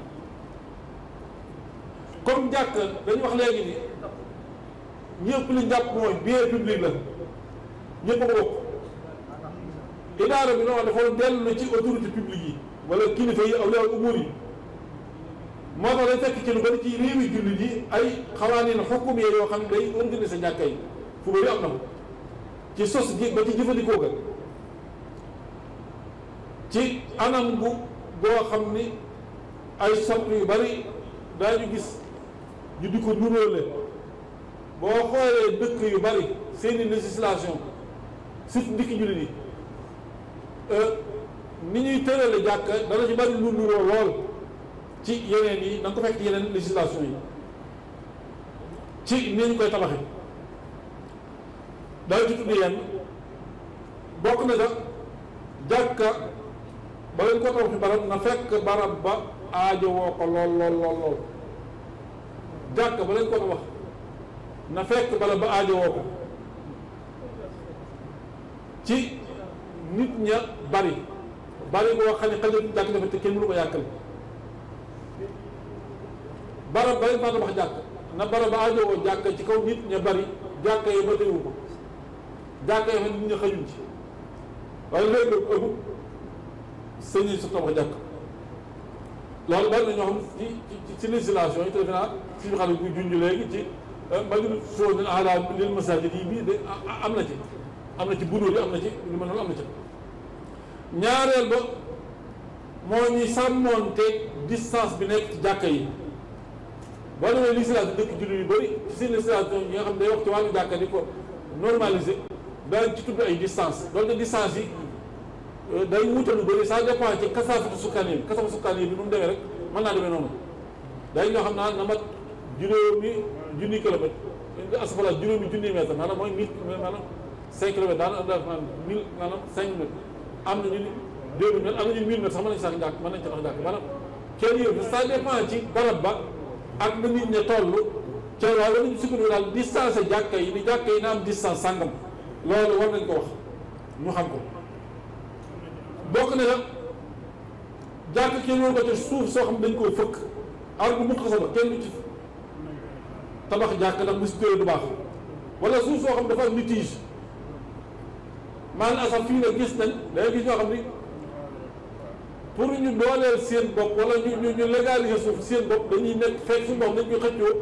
comme jàkk dañu wax léegi ni ñëpp li jàpp mooy bien public la ñëpp ko bokk bi noonu dafa dellu ci autorité publique yi wala kilifa yi awliyaa umur yi moo tax day fekk ci lu bari ci réew yi jullit yi ay xawaanin xukkum yee yoo xam ne day organiser jàkka yi fu bari am na ko ci sos gi ba ci jëfandikoo ga ci anam bu boo xam ni ay sant yu bari daañu gis ñu di ko nuróole boo xoolee dëkk yu bari seeni législation surtout ndikki jullit yi euh, ni ñuy tërale jàkka dana ci bari lu nuroo lool ci yeneen yi da nga ko fekk yeneen législation yi ci ni ñu koy tabaxe daañu ci tudd yenn bokk na sax jàkka ba leen ko tabaxi barab na fekk barab ba aajo woo ko lool lool lool jàkk ba leen ko tabax na fekk barab ba aajo woo ko ci nit ña bari bari boo xam ne xajul jàkk dafa te kenn mënu ko yàkkal barab ba leen fa tabax jàkk na barab ba aajo woo jàkk ci kaw nit ña bari jàkk yi ba teewu ko jàkk yi nit ña xajuñ ci waaye léegi ëpp sëñ yi surtout jàkk loolu bari na ñoo xam ci ci ci législation yi te si ñu xam ne bu junj léegi ci ma mbajul chose ne ah, ala lil masajid yi bii de ah, ah, am na ci am na ci bunóor yi am na ci lu mel noonu am na ci ñaareel ba moo ñuy sàmmoonte distance bi nekk ci jàkka yi boo demee législation dëkk jullit yu bëri ci seen législation yi nga xam ne day wax ci wàllu jàkka di ko normaliser daañu ci tudd ay distance donc distance yi Euh, day wuute lu bëri ça dépend ci kasaafatu kasaafu sukkaan yi bi nu mu demee rek mën naa demee noonu day ñoo xam naa na mat juróomi junni kilomètre asafala juróomi junni mètre maanaam mooy na ñu ni deux na ñu mille mètres sax mën nañu sax jàkk mën nañu sax jàkk maanaam kenn yëpp ça dépend ci barab ba na nit ña toll ca waaye wala ñu sukkandiku yi ni jàkka na am distance sàngam loolu war nañ ko wax ñu xam ko bokk na nag jàkk kenn waru ko ci suuf soo xam dañ koo fëkk ar bu muq kenn du ci tabax jàkk nag bu si téye du baax wala suuf soo xam dafa am litige maan asal fii nag gis nañ dangay gis ñoo xam ni pour ñu dooleel seen bopp wala ñu ñu ñu légaliser suuf seen bopp dañuy nekk fekk suñu bopp dañ koy xëccoo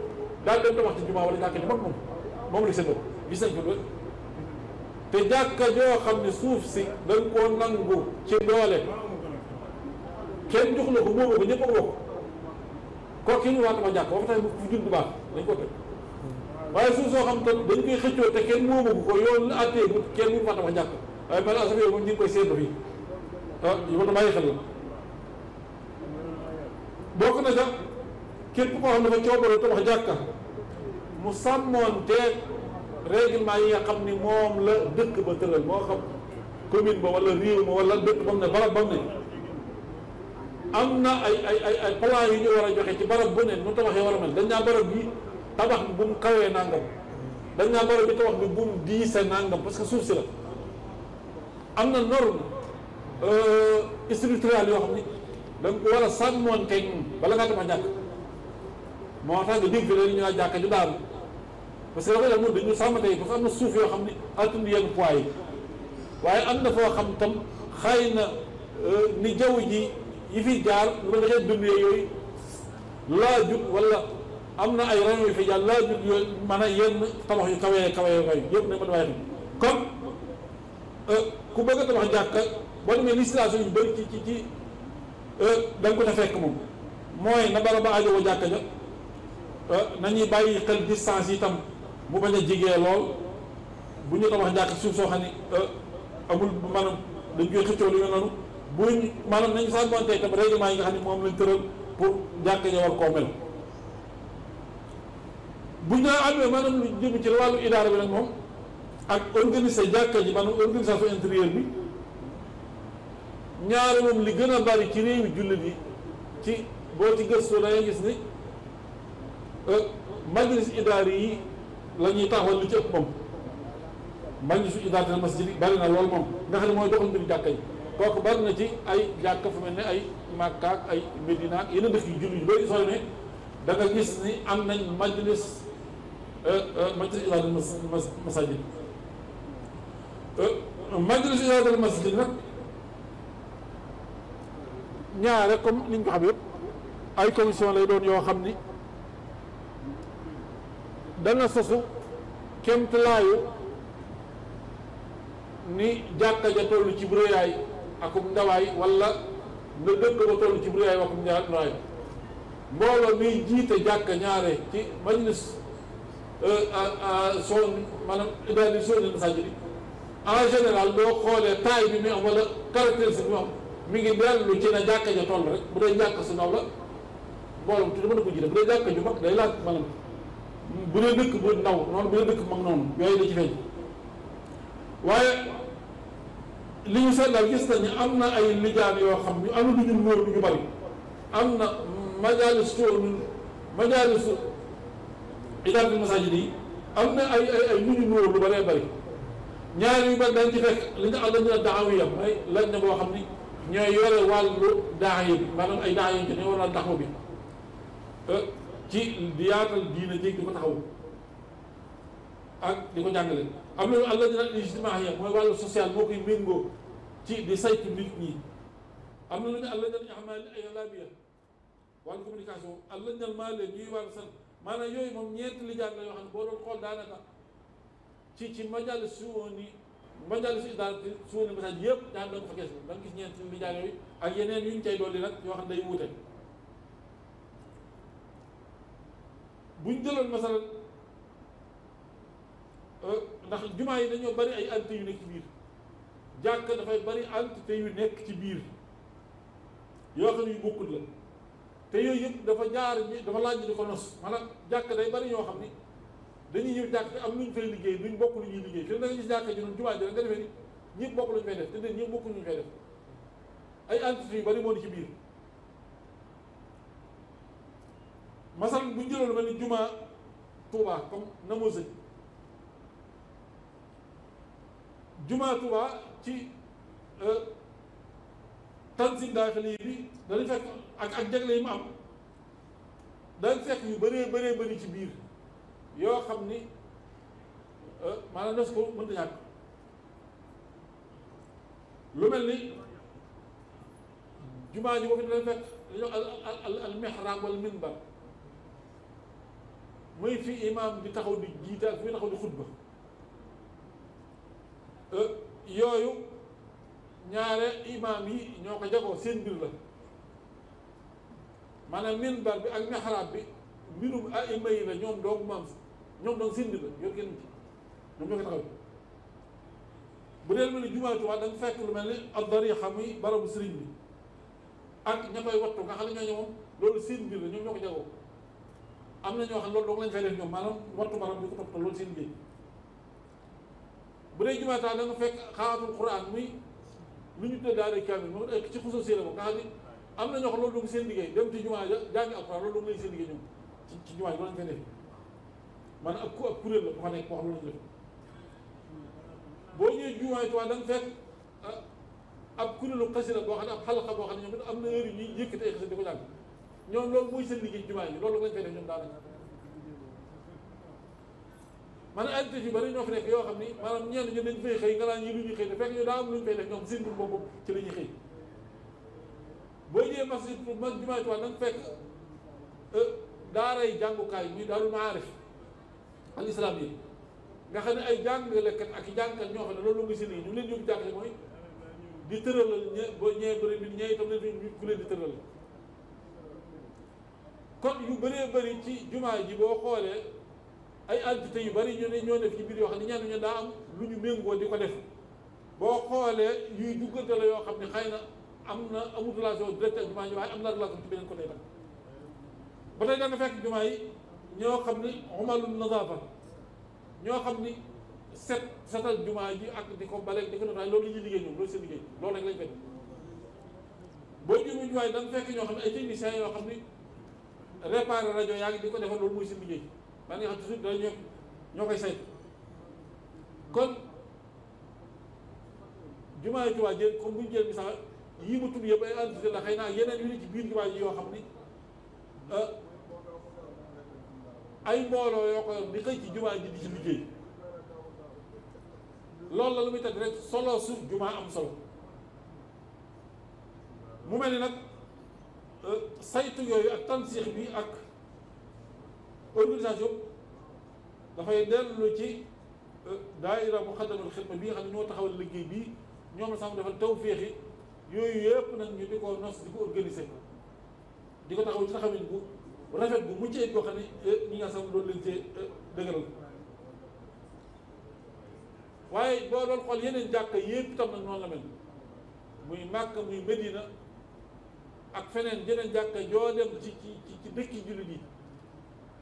daal dem tabax ci jumaa wala jàkk ji mag moom moom la seen bopp gis nañ ko te jàkka joo xam ne suuf si dañ koo nangu ci doole kenn jox la ko moo ko ñëpp a bokk kooku bu baax dañ ko teg waaye soo xam dañ koy xëccoo te kenn moomagu ko yoon la attee bu kenn mu fàttama koy seetlu fii ah yu ma bàyyi xel la bokk na sax xam ne dafa coobare tabax jàkka mu sàmmoon teeg règlement yi nga xam ni moom la dëkk ba tëral moo xam commune ba wala réew ma wala dëkk ba mu ne barab ba ne am na ay ay ay ay plan yi ñu war a joxe ci barab bu ne nu tabaxee war a mel dañ naa barab bi tabax bi bu mu kawee nangam dañ naa barab bi tabax bi bu mu diise nangam parce que suuf si la am na norme euh, structurelle yoo xam ne ni ko war a sàmmoonteeg bala ngaa tabax jàkk moo tax nga dégg fi dañu ñëwaat jàkk ju daanu parce que ragal moom dañu sàmmate yi parce que am waaye am na foo xam tam xay na euh, ni jaww ji yi fi jaar lu ma dajee dundee am na ay rayon yu fi jaar laa jut yooyu maanaam yenn tabax yu kawee kawee kawee yëpp nañ ma dawaaye tam kon euh, ku a tabax jàkka boo euh, ko te moom mooy na bara ba ajowoo jàkka ja nañuy bàyyi xel distance yi tam mu bañ a jigee lool bu ñu tabax jàkk suuf soo xam ne euh, amul maanaam dañ koy xëccoo lu ñu noonu buñ maanaam nañ sàmmonte itam règlement yi xam ne moom lañ tëral pour jàkk ja war koo bu ñu amee maanaam lu jëm ci wàllu idaara bi nag moom ak organiser jàkka ji maanaam organisation intérieure bi ñaari moom li gën a bari ci réewi jullit yi ci boo ci gëstu da gis ni euh, majlis idaari yi la ñuy taxawal li ci ëpp moom mbañ su idaatal masjid yi bari na loolu moom nga xam ne mooy doxal mbir jàkka yi kooku bari na ci ay jàkka fu mel ni ay Makka ay Medina ak yeneen dëkk yu julli yu bëri sooy ne da gis ni am nañ majlis euh, euh, majlis idaatal masajid euh, majlis idaatal masjid nag ñaare comme niñ ko xam yëpp ay commission lay doon yoo xam ni dana sosu kemtalaayu ni jàkka ja toll ci réyaay akum ndawaay walla na dëkk ba toll ci réyaay akum ndawaay mbooloo miy jiite jàkka ñaare ci majlis son euh, euh, euh, maanaam idaari soni masaajid yi en général boo xoolee taay bi mu am wala caractéristique bi mu am mi ngi dellu ci na jàkka ja toll rek bu dee jàkka su ndaw la mbooloo tuuti mën na ko jiite bu dee jàkka ju day laaj maanaam bu dee dëkk bu ndaw noonu bu dee dëkk mag noonu yooyu da ci feeñ waaye li ñu seetlaal gis nañu am na ay lijaan yoo xam ni am na lu ñu wóor lu ñu bari am na majalis toon majalis idaaratul masaajid yi am na ay ay ay ñu wóor lu bëree bëri ñaar yu mel dañ ci fekk li ñu àll ñu ne daawiya mooy lañ ne boo xam ni ñooy yore wàllu daax yi maanaam ay daax yi ñu ne war na taxaw bi ci di yaatal diina jéeg di ko taxaw ak di ko jàngale am loolu àlla dina ijtimaaya mooy wàllu social moo koy méngoo ci di saytu nit nii am na lu ne àlla dina amal ay alaabiya wàllu communication àlla dina maale ñuy wàllu san maanaam yooyu moom ñeenti li la yoo xam ne boo doon xool daanaka ci ci majal suuni majal si daal suuni message yëpp daan doon fa gis da nga gis ñeenti li jàng yooyu ak yeneen yu ñu cay dolli nag yoo xam ne day wuute bu ñu jëloon masalan euh, ndax jumaa yi dañoo bari ay entité yu nekk ci biir jàkk dafay bari entité yu nekk ci biir yoo xam ne yu bokkul la te yooyu yëpp dafa jaar ñi dafa laaj di ko nos maanaam jàkk day bari ñoo xam ni dañuy ñëw jàkk am lu ñu fay liggéey duñ bokk lu ñuy liggéey te da nga gis jàkk ji ñëpp bokk ñu fay def te de ñëpp bokk ñu fay def ay entité yu bari moo di ci biir masalan bu ñu jëloon ba ni jumaa Touba comme Namozë jumaa Touba ci euh, tanzim daaxili bi danañ fekk ak ak yi mu am danañ fekk yu bëree bëree bëri ci biir yoo xam ni euh, maanaam des ko mënta ñàkk lu mel ni jumaa ji boo fi danañ fekk dañoo al al al mihraab wal minbar mooy fii imaam di taxaw di jiite ak fi taxaw di xutba euh, yooyu ñaare imaam yi ñoo ko jagoo seen mbir la maanaam minbar bi ak xalaat bi mbirum aima yi la ñoom doomu maam ñoom doog seen mbir la yor ko dee mel ni jumaa Tuubaa da fekk lu mel ni ab dariixa muy barabu sëriñ bi ak ña koy wattu nga xam ñoo ñëwoon loolu seen mbir la ñoom ñoo ko jagoo am na ñoo xam loolu doog lañ fay def ñoom maanaam wattu barab di ko toppatoo loolu seen liggéey bu am na ñoo xam loolu doog seen liggéey bu fa boo xam loolu lañ def boo ñëwee jumaa Tuubaa da nga fekk ah, ab kuréelu xasida boo boo xam ne am na heure ñuy yëkkati ay xasida di ko jàng ñoom loolu mooy seen liggéey jumaa yi loolu lañ fay def ñoom daal nañ man addités yu bari ñoo fi nekk yoo xam ni maanaam ñenn ñi dañ fay xëy nga naan ñi lu ñuy xëy te fekk ñu daa am lu ñu fay def ñoom seen boobu ci la ñuy xëy boo jëlee masjid pour mag jumaa Tiwaawan nag fekk euh, daaray jàngukaay bi daarul maarif al islam yi nga xam ne ay jàngalekat ak jàngkat ñoo xam ne loolu nga si nii ñu leen yóbbu jàngale mooy di tëralal ñe ba ñee bëri bi ñee itam leen ku leen di tëralal kon yu bëree bëri ci jumaa ji boo xoolee ay entité yu bari ñu ne ñoo def ci biir yoo xam ne ñenn ñu daa am lu ñu méngoo di ko def boo xoolee yuy duggante yoo xam ne xëy na am na amul relation directe ak jumaa ji am na relation ci beneen côté nag ba tey dana fekk yi ñoo xam ni xumalul nazaafa ñoo xam ni set setal jumaa ji ak di ko bale di ko notaay loolu la ñuy liggéey ñoom loolu seen liggéey loolu rek lañ fekk boo jëmee jumaa yi dana fekk ñoo xam ne ay techniciens yoo xam ni réparé rajo yaa ngi di ko defar loolu mooy seen liggéey man nga xam toujours da ñoo ñoo koy saytu kon jumaay Tuubaa jël comme bu jël misaal yii ma tudd yëpp ay entité la xëy naa yeneen yu ne ci biir jumaa yi yoo xam ni ah, ay mbooloo yoo ko yor di ci jumaa ji di ci liggéey loolu la lu muy teg rek solo suuf jumaa am solo mu mel ni nag saytu yooyu ak tansiix bi ak organisation dafay dellu ci euh, daayira bu xaddamatul xidma bi nga xam ne ñoo taxawal liggéey bi ñoom la sax defal tawféexi yooyu yëpp nag ñu di ko nos di ko organiser di ko taxaw ci taxawin bu rafet bu mucc ayib boo xam ne euh, ñi nga sax doon leen cee euh, dëgëral waaye boo doon xool yeneen jàkka yëpp tam nag noonu la mel muy Màkka muy Medina. ak feneen jeneen jàkka joo dem ci ci ci dëkki jullit yi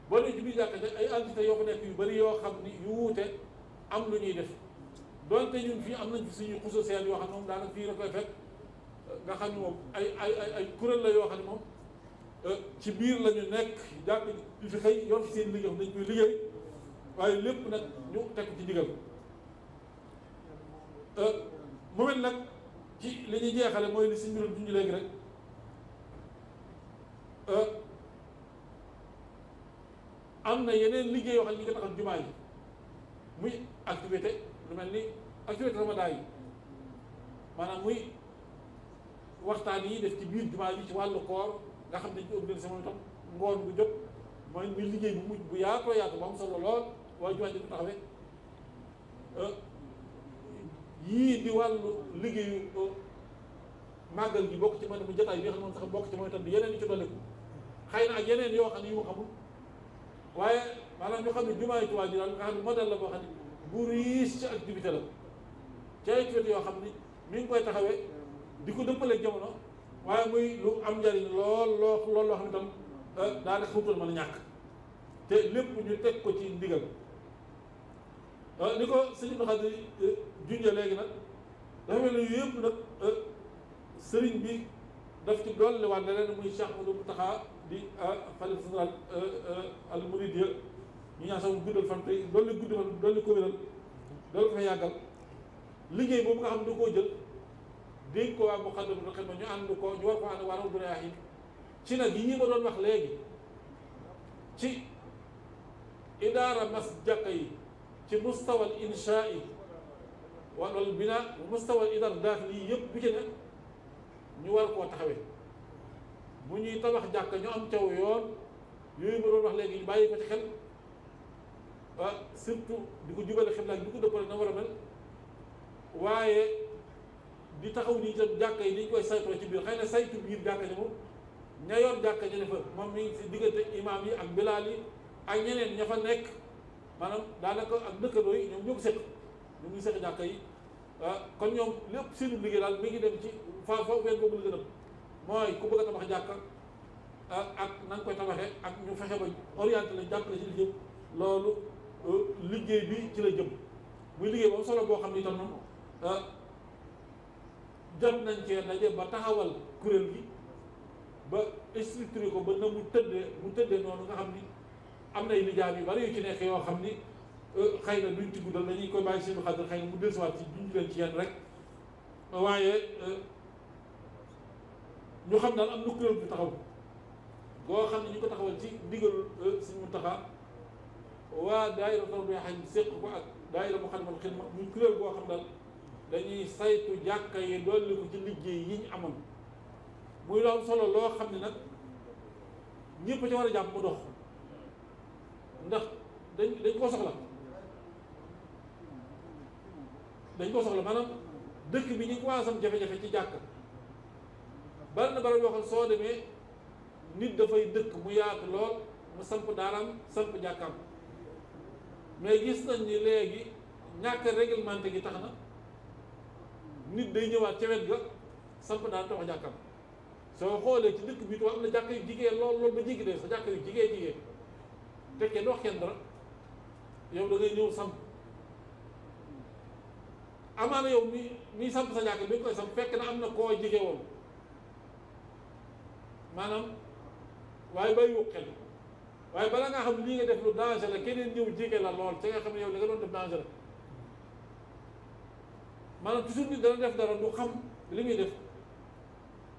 boo dee ci biir jàkka ay entité yoo fa nekk yu bari yoo xam ni yu wuute am lu ñuy def doonte ñun fii am nañ fi suñu xuso seen yoo xam ne moom daanaka fii rek koy fekk nga xam ne moom ay ay ay ay kuréel la yoo xam ne moom euh, ci biir la ñu nekk jàkk di fi xëy yor fi seen liggéey dañ koy liggéey waaye lépp nag ñu teg ci digal euh, mu mel nag ci li ñuy jeexale mooy li si mbirum junj léegi rek Euh, am na yeneen liggéey yoo xam ne ñu ngi taxal jumaa yi muy activité lu mel ni activité ramadan yi maanaam muy waxtaan yi def ci biir jumaa yi ci wàllu koor nga xam ne ñu organisé moom itam ngoon bu jot mooy muy liggéey bu mujj bu yaatoo yaatu bu am solo lool waaye jumaa ji bu taxawee euh, yii di wàllu liggéeyu euh, màggal bokk ci bi nga xam ne moom sax bokk yeneen yi ci dolliku xay na ak yeneen yoo xam ne yu xamul waaye maanaam ñu xam ne jumaay Tuubaa ji daal nga xam ne modèle la boo xam ne bu riis ci activité la ci ay yoo xam ni mi ngi koy taxawee di ko dëppaleeg jamono waaye muy lu am njariñ lool loo lool loo xam ne tam euh, daa def xuutal a ñàkk te lépp ñu teg ko ci ndigal euh, ni ko sëñ Abdou Khadre euh, junjee léegi nag dafa mel ni yëpp nag sëriñ bi daf ci dolliwaat leneen muy Cheikh Ahmadou Mountakha di ah, xalifa général ah, ah, al mouride ñu ñaan sax mu guddal fan tey doolu guddal ko wéral doolu ko fa yàggal liggéey boobu nga xam ne da jël dégg ko waa mu xam ne xel ma ñu ànd ko ñu war ko ànd waa Rawdu-r-Rayaahiin yi ci nag yi ñi ma doon wax léegi ci idaara mas jàkka yi ci mustawal insha yi wal bina mustawal idaara daafili yi yëpp bu ci ne ñu war koo taxawee bu ñuy tabax jàkk ñu am caw yoon yooyu ma doon wax léegi ñu bàyyi ko ci xel ah di ko jubale xibla ak di ko dëppale na war a mel waaye di taxaw nii itam jàkka yi dañ koy saytoo ci biir xay na saytu biir jàkka ji moom ña yor jàkka ji dafa moom mi si diggante imaam yi ak bilaal ak ñeneen ña fa nekk maanaam daanaka ak dëkkandoo yi ñoom ñoo ko seq ñu ngi seq yi ah, kon ñoom lépp seenu liggéey daal mi ngi dem ci fa fa boobu la gën a mooy ku bëgg a tabax jàkk ah, ak na nga koy tabaxee ak ñu fexe ba orienté la jàppale ci li jëm loolu euh, liggéey bi ci la jëm muy liggéey boobu solo boo xam ne itam noonu ah, nañ cee daje ba taxawal kuréel gi ba structuré ko na mu tëddee mu tëddee noonu nga xam ni am nay lijaam yu bari yu ci nekk yoo xam ni euh, xëy na duñ ci guddal dañuy koy bàyyi seen xarit na mu dellusiwaat ci juñ leen ci yenn rek waaye. Euh, ñu xam daal am na kuréel bu taxaw boo xam ne ñu ko taxawal ci ndigalul euh, Sëriñ Muntaxa waa daayira Tarbiyya xëy séq ko ak daayira Muxaddamatul Xidma muy kuréel boo xam daal dañuy saytu jàkka yi dolli ko ci liggéey yi ñu amoon muy loolu solo loo xam ne nag ñëpp ci war a jàpp mu dox ndax dañ dañ koo soxla dañ koo soxla maanaam dëkk bi ñu ngi waasam jafe-jafe ci jàkka bari na barab yoo xam soo demee nit dafay dëkk mu yaatu lool mu samp daaraam samp jàkkaam mais gis nañ ni léegi ñàkk réglementé gi tax na nit day ñëwaat ca wet ga samp daan tax jàkkaam soo xoolee ci dëkk bi tu am na jàkk yu jigéen lool lool ba jigi de sa jàkk yu jigéen jigéen te kenn wax kenn dara yow da ngay ñëw samp amaana yow mi miy samp sa jàkk bi koy samp fekk na am na koo jige woon maanaam waaye bàyyiwoo xel waaye bala ngaa xam lii nga def lu danger la keneen ñëw jege la lool te nga xam ne yow li nga doon def danger la maanaam toujours nit dana def dara du xam li muy def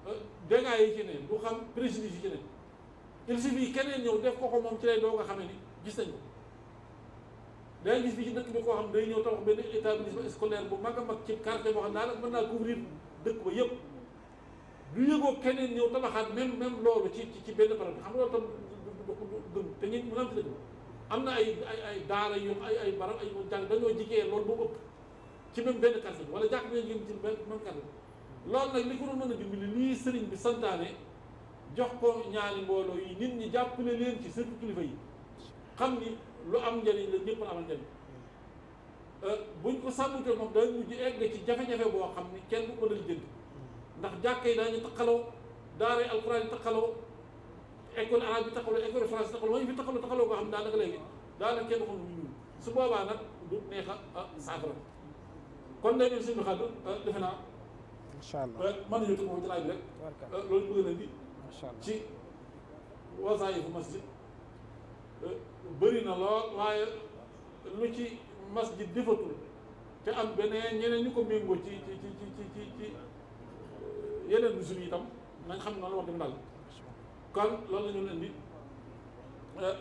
euh, dégâts yi ci ne du xam préjudice yi ci ne il suffit keneen ñëw def ko ko moom ci lay doo nga xam ni gis nañ ko day gis bi ci dëkk bi koo xam day ñëw tabax benn établissement scolaire bu mag a mag ci quartier boo xam daanaka mën naa couvrir dëkk ko yëpp du yëgoo keneen ñëw tabaxaat même même loolu ci ci benn barab xam nga loolu tam du du du gëm te ñun mu am na ay ay ay daara ay ay barab ay jàng dañoo jigéen loolu ba ëpp ci même benn quartier wala jàkk ne ngeen ci benn même quartier loolu nag li ko doon mën a dimbali lii sëriñ bi santaane jox ko ñaari mbooloo yi nit ñi jàppale leen ci surtout kilifa yi xam ni lu am njëriñ la ñëpp amal njëriñ euh, buñ ko sàmmutee moom dañ mujj egg ci jafe-jafe boo xam ni kenn du ko a jënd ndax jàkka yi daañu taqaloo daaray alquran yi taqaloo école arabe bi taqaloo école français taqaloo mooy fi taqaloo taqaloo boo xam ne daanaka léegi daanaka kenn xamul ñu ñuul su boobaa nag du neex a saafara kon day dem si ah, defe naa. macha allah ah, mën nañu tënk ci laaj bi ah, na masjid lool waaye lu ci masjid defatul te am beneen ñeneen ñu ko méngoo ci ci ci ci. yeneen mesures yi itam nañ xam ne noonu la war dem daal kon loolu la ñu indi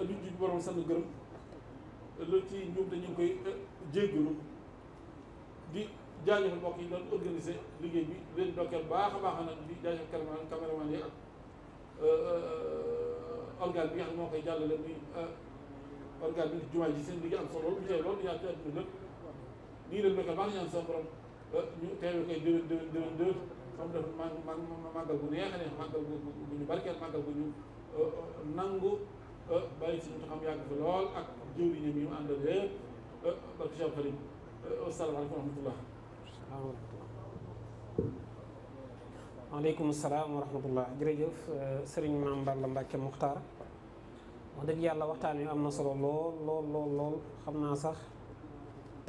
luñ ci borom sant gërëm lu ci njuumte ñu ngi koy euh, jéggalu di jaajëfal mbokk yi doon organiser liggéey bi leen dokkeel baax a baax nag di jaajëfal cameraman cameraman yi ak euh, bi nga xam moo koy jàllale muy euh, organe bi jumaa ji seen liggéey am solo loolu tey loolu yaa ci àdduna lépp ñu ngi leen dokkeel baax ñaan sa borom ñu teewee koy déwén déwén déwén déwén fa mu def mag mag màggal bu neex a neex màggal bu ñu barkeel màggal bu ñu euh, euh, nangu euh, bàyyi si ñu xam yàgg fi lool ak jiw yi ñoom ñu àndal lépp barke Cheikh Xalim asalaamaaleykum wa rahmatullah waaleykum salaam wa rahmatullah jërëjëf sëriñ Maam Balla Mbàkke Muxtaar wax dëgg yàlla waxtaan wi am na solo lool lool lool lool xam naa sax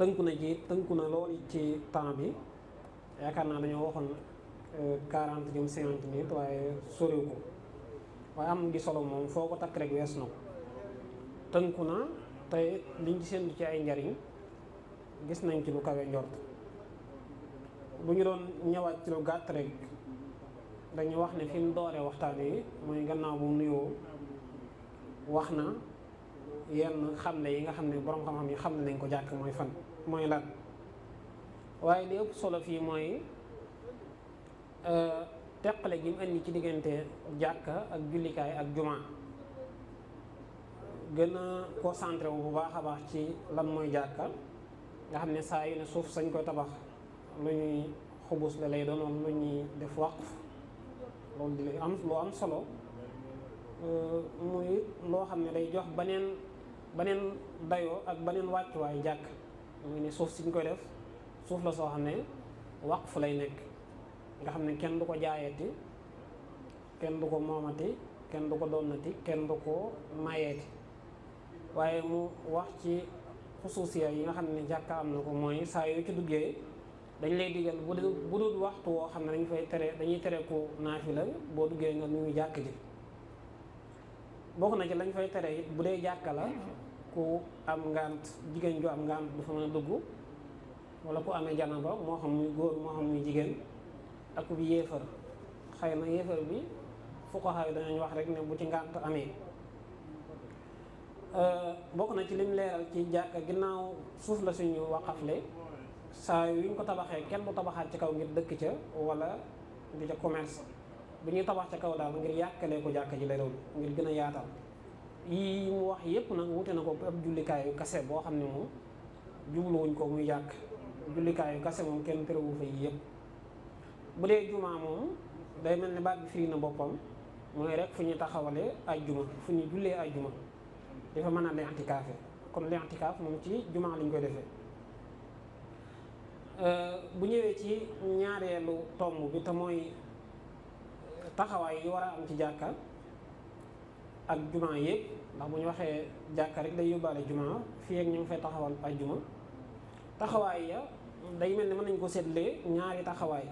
tënku na ci tënku na lool ci temps bi yaakaar naa dañoo waxoon quarante jëm cinquante minutes waaye soriw ko waaye am ngi solo moom foo ko takk rek wees na ko tënku na tey liñ ci seen ci ay njariñ gis nañ ci lu kawe njort bu ñu doon ñëwaat ci lu gàtt rek dañu wax ne fi dooree waxtaan yi mooy gannaaw bu nuyoo wax na yenn ne yi nga xam ne borom xam-xam yi xam nañ ko jàkk mooy fan mooy lan waaye li ëpp solo fii mooy Euh, teqale gi mu indi ci diggante jàkka ak jullikaay ak juma gën a concentré wu bu baax a baax ci lan mooy jàkka nga xam ne saa yu ne suuf sañ koy tabax lu ñuy xubus la lay doonoon lu ñuy def waqf loolu di am lu am solo euh, muy loo xam ne day jox baneen baneen dayoo ak baneen wàccuwaay jàkk muy ne suuf siñ koy def suuf la soo xam ne waqf lay nekk nga xam ne kenn du ko jaayeeti kenn du ko moomati kenn du ko doonati kenn du ko mayeeti waaye mu wax ci xusuusiya yi nga xam ne jàkka am na ko mooy saa yoo ci duggee dañ lay digal bu dul bu dul waxtu woo xam ne dañ fay tere dañuy tere ku la boo duggee nga nuyu jàkk ji bokk na ci lañ fay tere bu dee jàkka la ku am ngànt jigéen ju am ngant du fa mën a dugg wala ku amee janaba moo xam muy góor moo xam muy jigéen akub yéefar xëy na yéefar bi fuqaha yi danañ wax rek ne bu ci ngànt amee euh, bokk na ci lim leeral ci jàkka ginnaaw suuf la suñu waqafle saa yuñ ko tabaxee kenn du tabaxaat ci kaw ngir dëkk ca wala di ca commerce bu ñuy tabax ca kaw daal ngir yàkkalee ko jàkka ji lay doon ngir gën a yaatal yi mu wax yépp nag wute na ko ab jullikaayu kase boo xam ne moom jubluwuñ ko muy yàq jullikaayu kase moom kenn terewu fa yi yépp bu dee jumaa moom day mel ni baat bi firi na boppam mooy rek fu ñu taxawale ajjuma fu ñu jullee ajjuma dafa mën a lentikaafe comme lentikaaf moom ci jumaa ñu koy defee euh, bu ñëwee ci ñaareelu tomb bi te mooy euh, taxawaay yi war a am ci jàkka ak jumaa yëpp ndax bu ñu waxee jàkka rek day yóbbaale jumaa fi ak ñu ngi fay taxawal ajjuma taxawaay ya day mel ni mën nañ ko seetlee ñaari taxawaay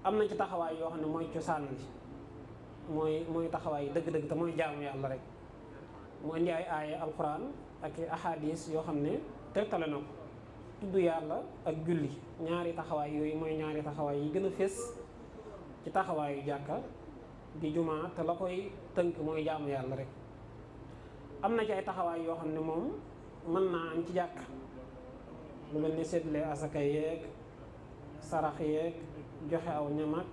am na ci taxawaay yoo xam ne mooy cosaan li mooy mooy taxawaay dëgg-dëgg te mooy jaamu yàlla rek mu indi ay aaya alxuraan ak i ahadis yoo xam ne tegtale na ko tudd yàlla ak julli ñaari taxawaay yooyu mooy ñaari taxawaay yi gën a fés ci taxawaayu jàkka di jumaa te la koy tënk mooy jaamu yàlla rek am na ci ay taxawaay yoo xam ne moom mën naa am ci jàkka lu mel ni séddale asaka yeeg sarax yeeg joxe aw ñam ak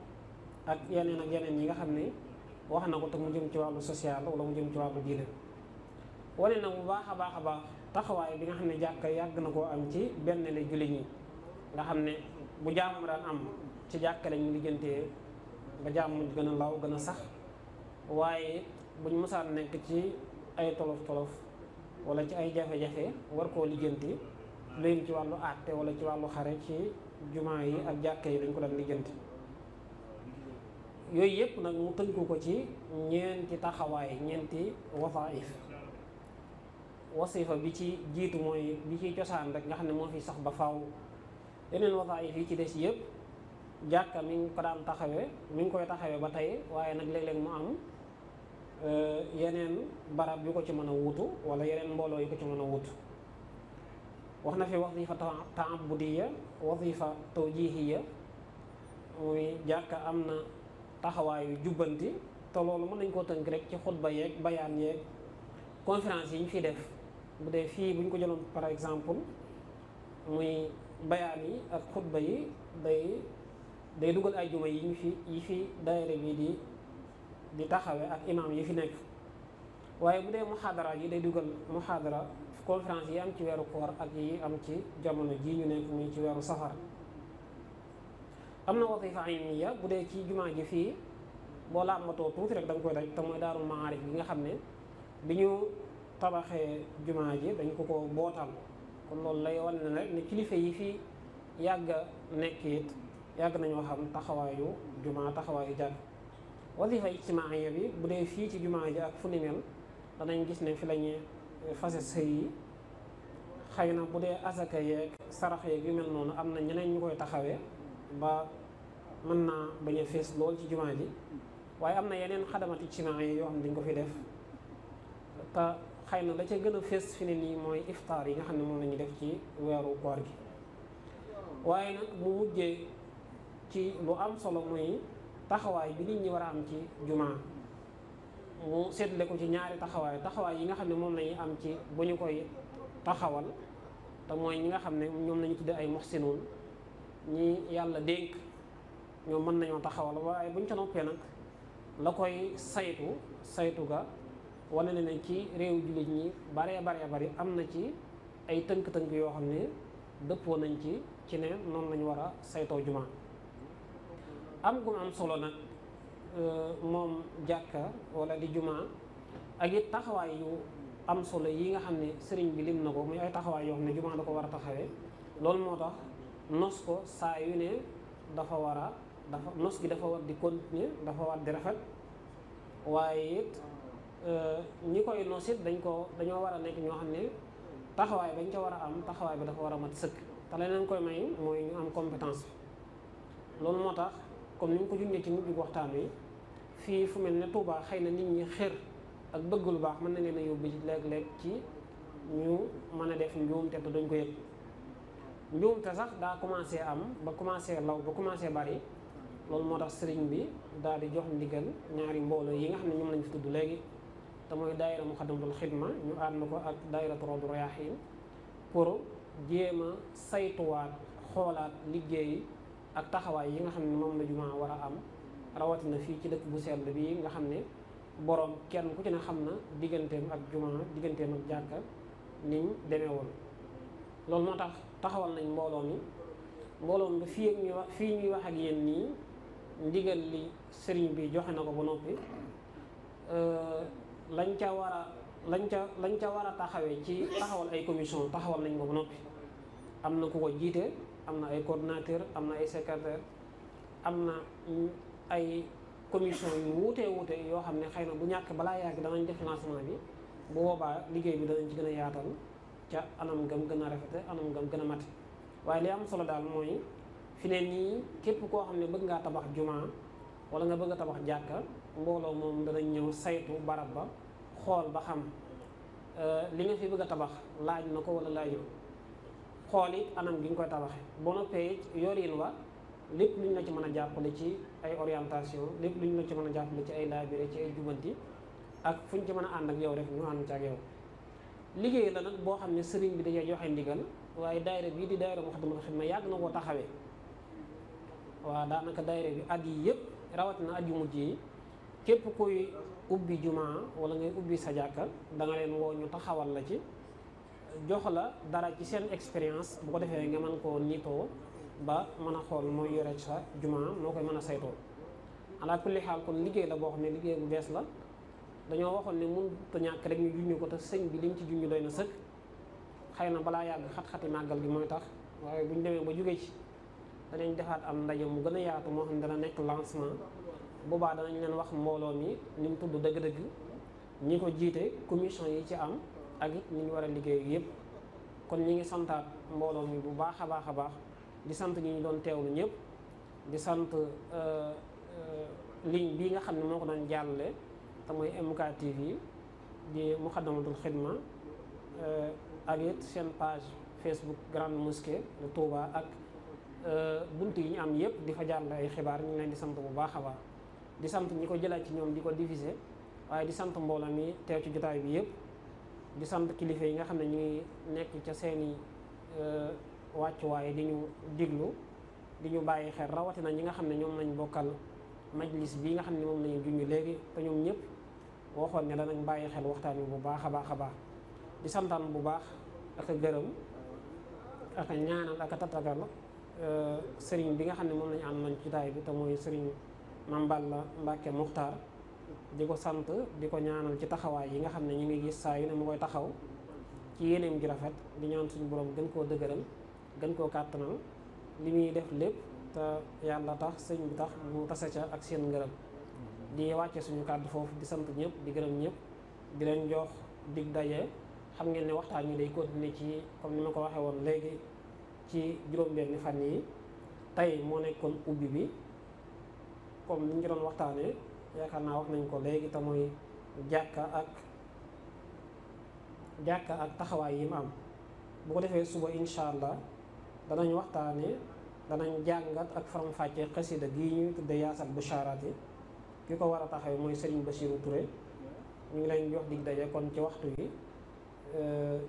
ak yeneen ak yeneen yi nga xam ne wax na ko te mu jëm ci wàllu social wala mu jëm ci wàllu diine wane na bu baax a baax a baax taxawaay bi nga xam ne jàkka yàgg na koo am ci benn la jullit ñi nga ne bu jàmm daan am ci jàkka lañu liggantee ba jàmm gën a law gën a sax waaye buñ mosaan nekk ci ay tolof tolof wala ci ay jafe-jafe war koo liggéenti lu yëm ci wàllu àtte wala ci wàllu xare ci jumaa yi ak jàkka yi dañ ko daan lijjanti yooyu yëpp nag mu tënku ko ci ñeenti taxawaay ñeenti wasaif wasifa bi ci jiitu mooy bi ci cosaan rek nga xam ne moo fi sax ba faw yeneen wasaif yi ci des yëpp jàkka mi ngi ko daan taxawee mi ngi koy taxawee ba tey waaye nag léeg-léeg mu am e, yeneen barab yu ko ci mën a wutu wala yeneen mbooloo yu ko ci mën a wutu wax na fi wasifa diya wasifa tawjihiya muy jàkka am na taxawaayu jubbanti te loolu mën nañ koo tënk rek ci xutba yeeg bayaan yeeg conférence yi ñu fi def bu dee fii bu ko jëloon par exemple muy bayaan yi ak xutba yi day day dugal ay juma yi ñu fi yi fi daayira bi di di taxawe ak imaam yi fi nekk waaye bu dee muxaadara yi day dugal muxaadara conférence yi am ci weeru koor ak yi am ci jamono jii ñu nekk muy ci weeru safara am na wasifa ayniya bu dee ci jumaa ji fii boo la amatoo tuuti rek da nga koy daj te mooy daarul maarif bi nga xam ne bi ñu tabaxee jumaa ji dañ ko ko bootal kon loolu lay wan ne rek ne kilifa yi fii yàgg a nekk it yàgg nañoo xam taxawaayu jumaa taxawaayu jàkk wasifa ijtimaaya bi bu dee fii ci jumaa ji ak fu ni mel danañ gis ne fi la Eh, fase sëy yi xëy na bu dee asaka yeeg sarax yeeg yu mel noonu am na ñeneen ñu koy taxawee ba mën naa bañ a fees lool ci jumaa ji waaye am na yeneen xadamati cimaa yi yoo xam ne dañ ko fi def te xëy na da ca gën a fees fi ne nii mooy iftaar yi nga xam ne moom lañuy def ci weeru koor gi waaye nag mu mujjee ci lu am solo muy taxawaay bi nit ñi war a am ci jumaa mu seetle ko ci ñaari taxawaay taxawaay yi nga xam ne moom lañuy am ci bu ñu koy taxawal te mooy ñi nga xam ne ñoom ci tudde ay muxsinoon ñi yàlla dénk ñoom mën nañoo taxawal waaye buñ ca noppee nag la koy saytu saytu ga wane ne ne ci réew jullit ñi baree baree bari am na ci ay tënk-tënk yoo xam ne dëppoo nañ ci ci ne noonu lañu war a saytoo jumaa am gum am solo nag Euh, moom jàkka wala di jumaa ak it taxawaay yu am solo yi nga xam ne sëriñ bi lim na ko muy ay taxawaay yoo xam ne jumaa da ko war a taxawee loolu moo tax nos ko saa yu ne dafa war a dafa nos gi dafa war di continuer dafa war di rafet waaye it euh, ñi koy dañ ko dañoo war a nekk ñoo xam ne taxawaay bañ ca war a am taxawaay bi dafa war a mat sëkk te leneen koy may mooy ñu am compétence loolu moo tax comme ni mu ko junjee ci mujj waxtaan wi fii fu mel ne Touba xëy na nit ñi xër ak bëgg lu baax mën na leen a yóbbu ci léeg-léeg ci ñu mën a def njuumte te duñ ko yëg njuumte sax daa commencé am ba commencé law ba commencé bari loolu moo tax sëriñ bi daal di jox ndigal ñaari mbooloo yi nga xam ne ñoom lañ fi tudd léegi te mooy daayira Muxaddamatul Xidma ñu ànd ko ak daayira Rawdu Rayaahiin pour jéem a saytuwaat xoolaat liggéey ak taxawaay yi nga xam ne moom la jumaa war a am rawatina fii ci dëkk bu sell bii nga xam ne boroom kenn ku ci ne xam na digganteem ak jumaa digganteem ak jàkka niñ demee woon loolu moo tax taxawal nañ mbooloo mi mbooloon mi fii fii ñuy wax ak yéen nii ndigal li sëriñ bi joxe na ko ba noppi lañ ca war a lañ ca lañ ca war a taxawee ci taxawal ay commission taxawal nañ ko ba noppi am na ku ko jiite am na ay coordinateur am na ay secrétaire am na ay commission yu wuutee wuute yoo xam ne xëy na bu ñàkk balaa yàgg danañ def lancement bi bu boobaa liggéey bi danañ ci gën a yaatal ca anam gam gën a rafete anam gam gën a mate waaye li am solo daal mooy fi ne nii képp koo xam ne bëgg ngaa tabax jumaa wala nga bëgg a tabax jàkka mbooloo moom danañ ñëw saytu barab ba xool ba xam euh, li nga fi bëgg a tabax laaj na ko wala laajoo xool yi anam gi nga koy tabaxee ba noppee it wa lépp lu ñu la ci mën a jàppale ci ay orientation lépp lu ñu la ci mën a jàppale ci ay laabire ci ay jubanti ak fu ñu ci mën a ànd ak yow rek ñu ànd ci ak yow liggéey la nag boo xam ne sëriñ bi dañuy joxe ndigal waaye daayira bii di daayira xam Khidma yàgg na koo taxawee waaw daanaka daayira bi at yi yëpp rawatina at yu mujj képp koy ubbi jumaa wala ngay ubbi sa jàkka da leen woo ñu taxawal la ci jox la dara ci seen expérience bu ko defee nga mën koo niitoo ba mën a xool mooy yore sa jumaa moo koy mën a saytoo ala kulli xaal kon liggéey la boo xam ne liggéey bu bees la dañoo waxoon ne mënut a ñàkk rek ñu ko te sëñ bi liñ ci junj doy na sëkk xëy na balaa yàgg xat-xati màggal gi mooy tax waaye bu ñu demee ba jógee ci danañ defaat am ndaje mu gën a yaatu moo xam ne dana nekk lancement boobaa danañ leen wax mbooloo mi ni mu tudd dëgg-dëgg ñi ko jiite commission yi ci am ak it ñu war a liggéey yëpp kon ñi ngi santaat mbooloo mi bu baax a baax a baax di sant ñi ñu doon teewlu ñëpp di sant euh, euh, ligne bii nga xam ne moo ko doon jàllale te mooy MK TV di Muxaddamatul Xidma euh, ak it seen page Facebook grand Mosquée de Touba ak bunt yi ñu am yëpp di fa jàllale ay xibaar ñu leen di sant bu baax a baax di sant ñi ko jëlaat ci ñoom di ko diffuser waaye di sant mbooloo mi teew ci jotaay bi yëpp di sant kilifa yi nga xam ne ñu ngi nekk ca seeni wàccuwaay di ñu diglu di ñu bàyyi xel rawatina ñi nga xam ne ñoom lañ bokkal majlis bii nga xam ne moom lañu junj léegi te ñoom ñëpp waxoon ne danañ bàyyi xel waxtaan wi bu baax a baax a baax di santaan bu baax a gërëm ak a ñaanal ak euh, sëriñ bi nga xam ne moom lañu àndoon ci taay bi te mooy sëriñ Mame Balla Mbacke Muxtaar di ko sant di ko ñaanal ci taxawaay yi nga xam ne ñu ngi gis saa yu ne mu koy taxaw ci yeneen ji rafet di ñaan suñu borom gën koo dëgëral gën koo kàttanal li muy def lépp te yàlla tax sëñ bi tax mu tase ca ak seen ngërëm di wàcce suñu kàddu foofu di sant ñëpp di gërëm ñëpp di leen jox dig daje xam ngeen ne waxtaan ñi day continuer ci comme ni ma ko waxee woon léegi ci juróom-benni fan yi tey moo nekkoon ubbi bi comme ni ñu doon waxtaanee yaakaar naa wax nañ ko léegi te mooy jàkka ak jàkka ak taxawaay yi mu bu ko defee suba incha allah danañ waxtaane danañ jàngat ak faram-fàccee xasida gii ñuy tudde yaasal bushaaraat yi ki ko war a taxawee mooy Serigne Bassirou Touré ñu ngi leen jox dig daje kon ci waxtu yi euh,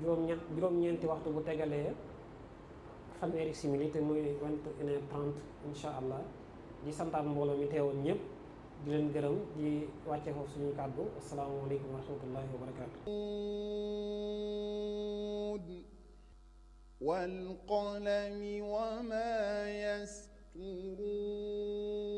juróom-ñett ñeenti waxtu bu tegalee fanweeri simili te muy vingt et une heure allah di santaan mbooloo mi teewoon ñëpp di leen gërëm di wàcce foofu suñu kàddu asalaamaaleykum wa rahmatullahi wa والقلم وما يسطرون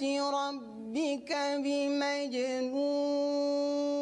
ربك بمجنون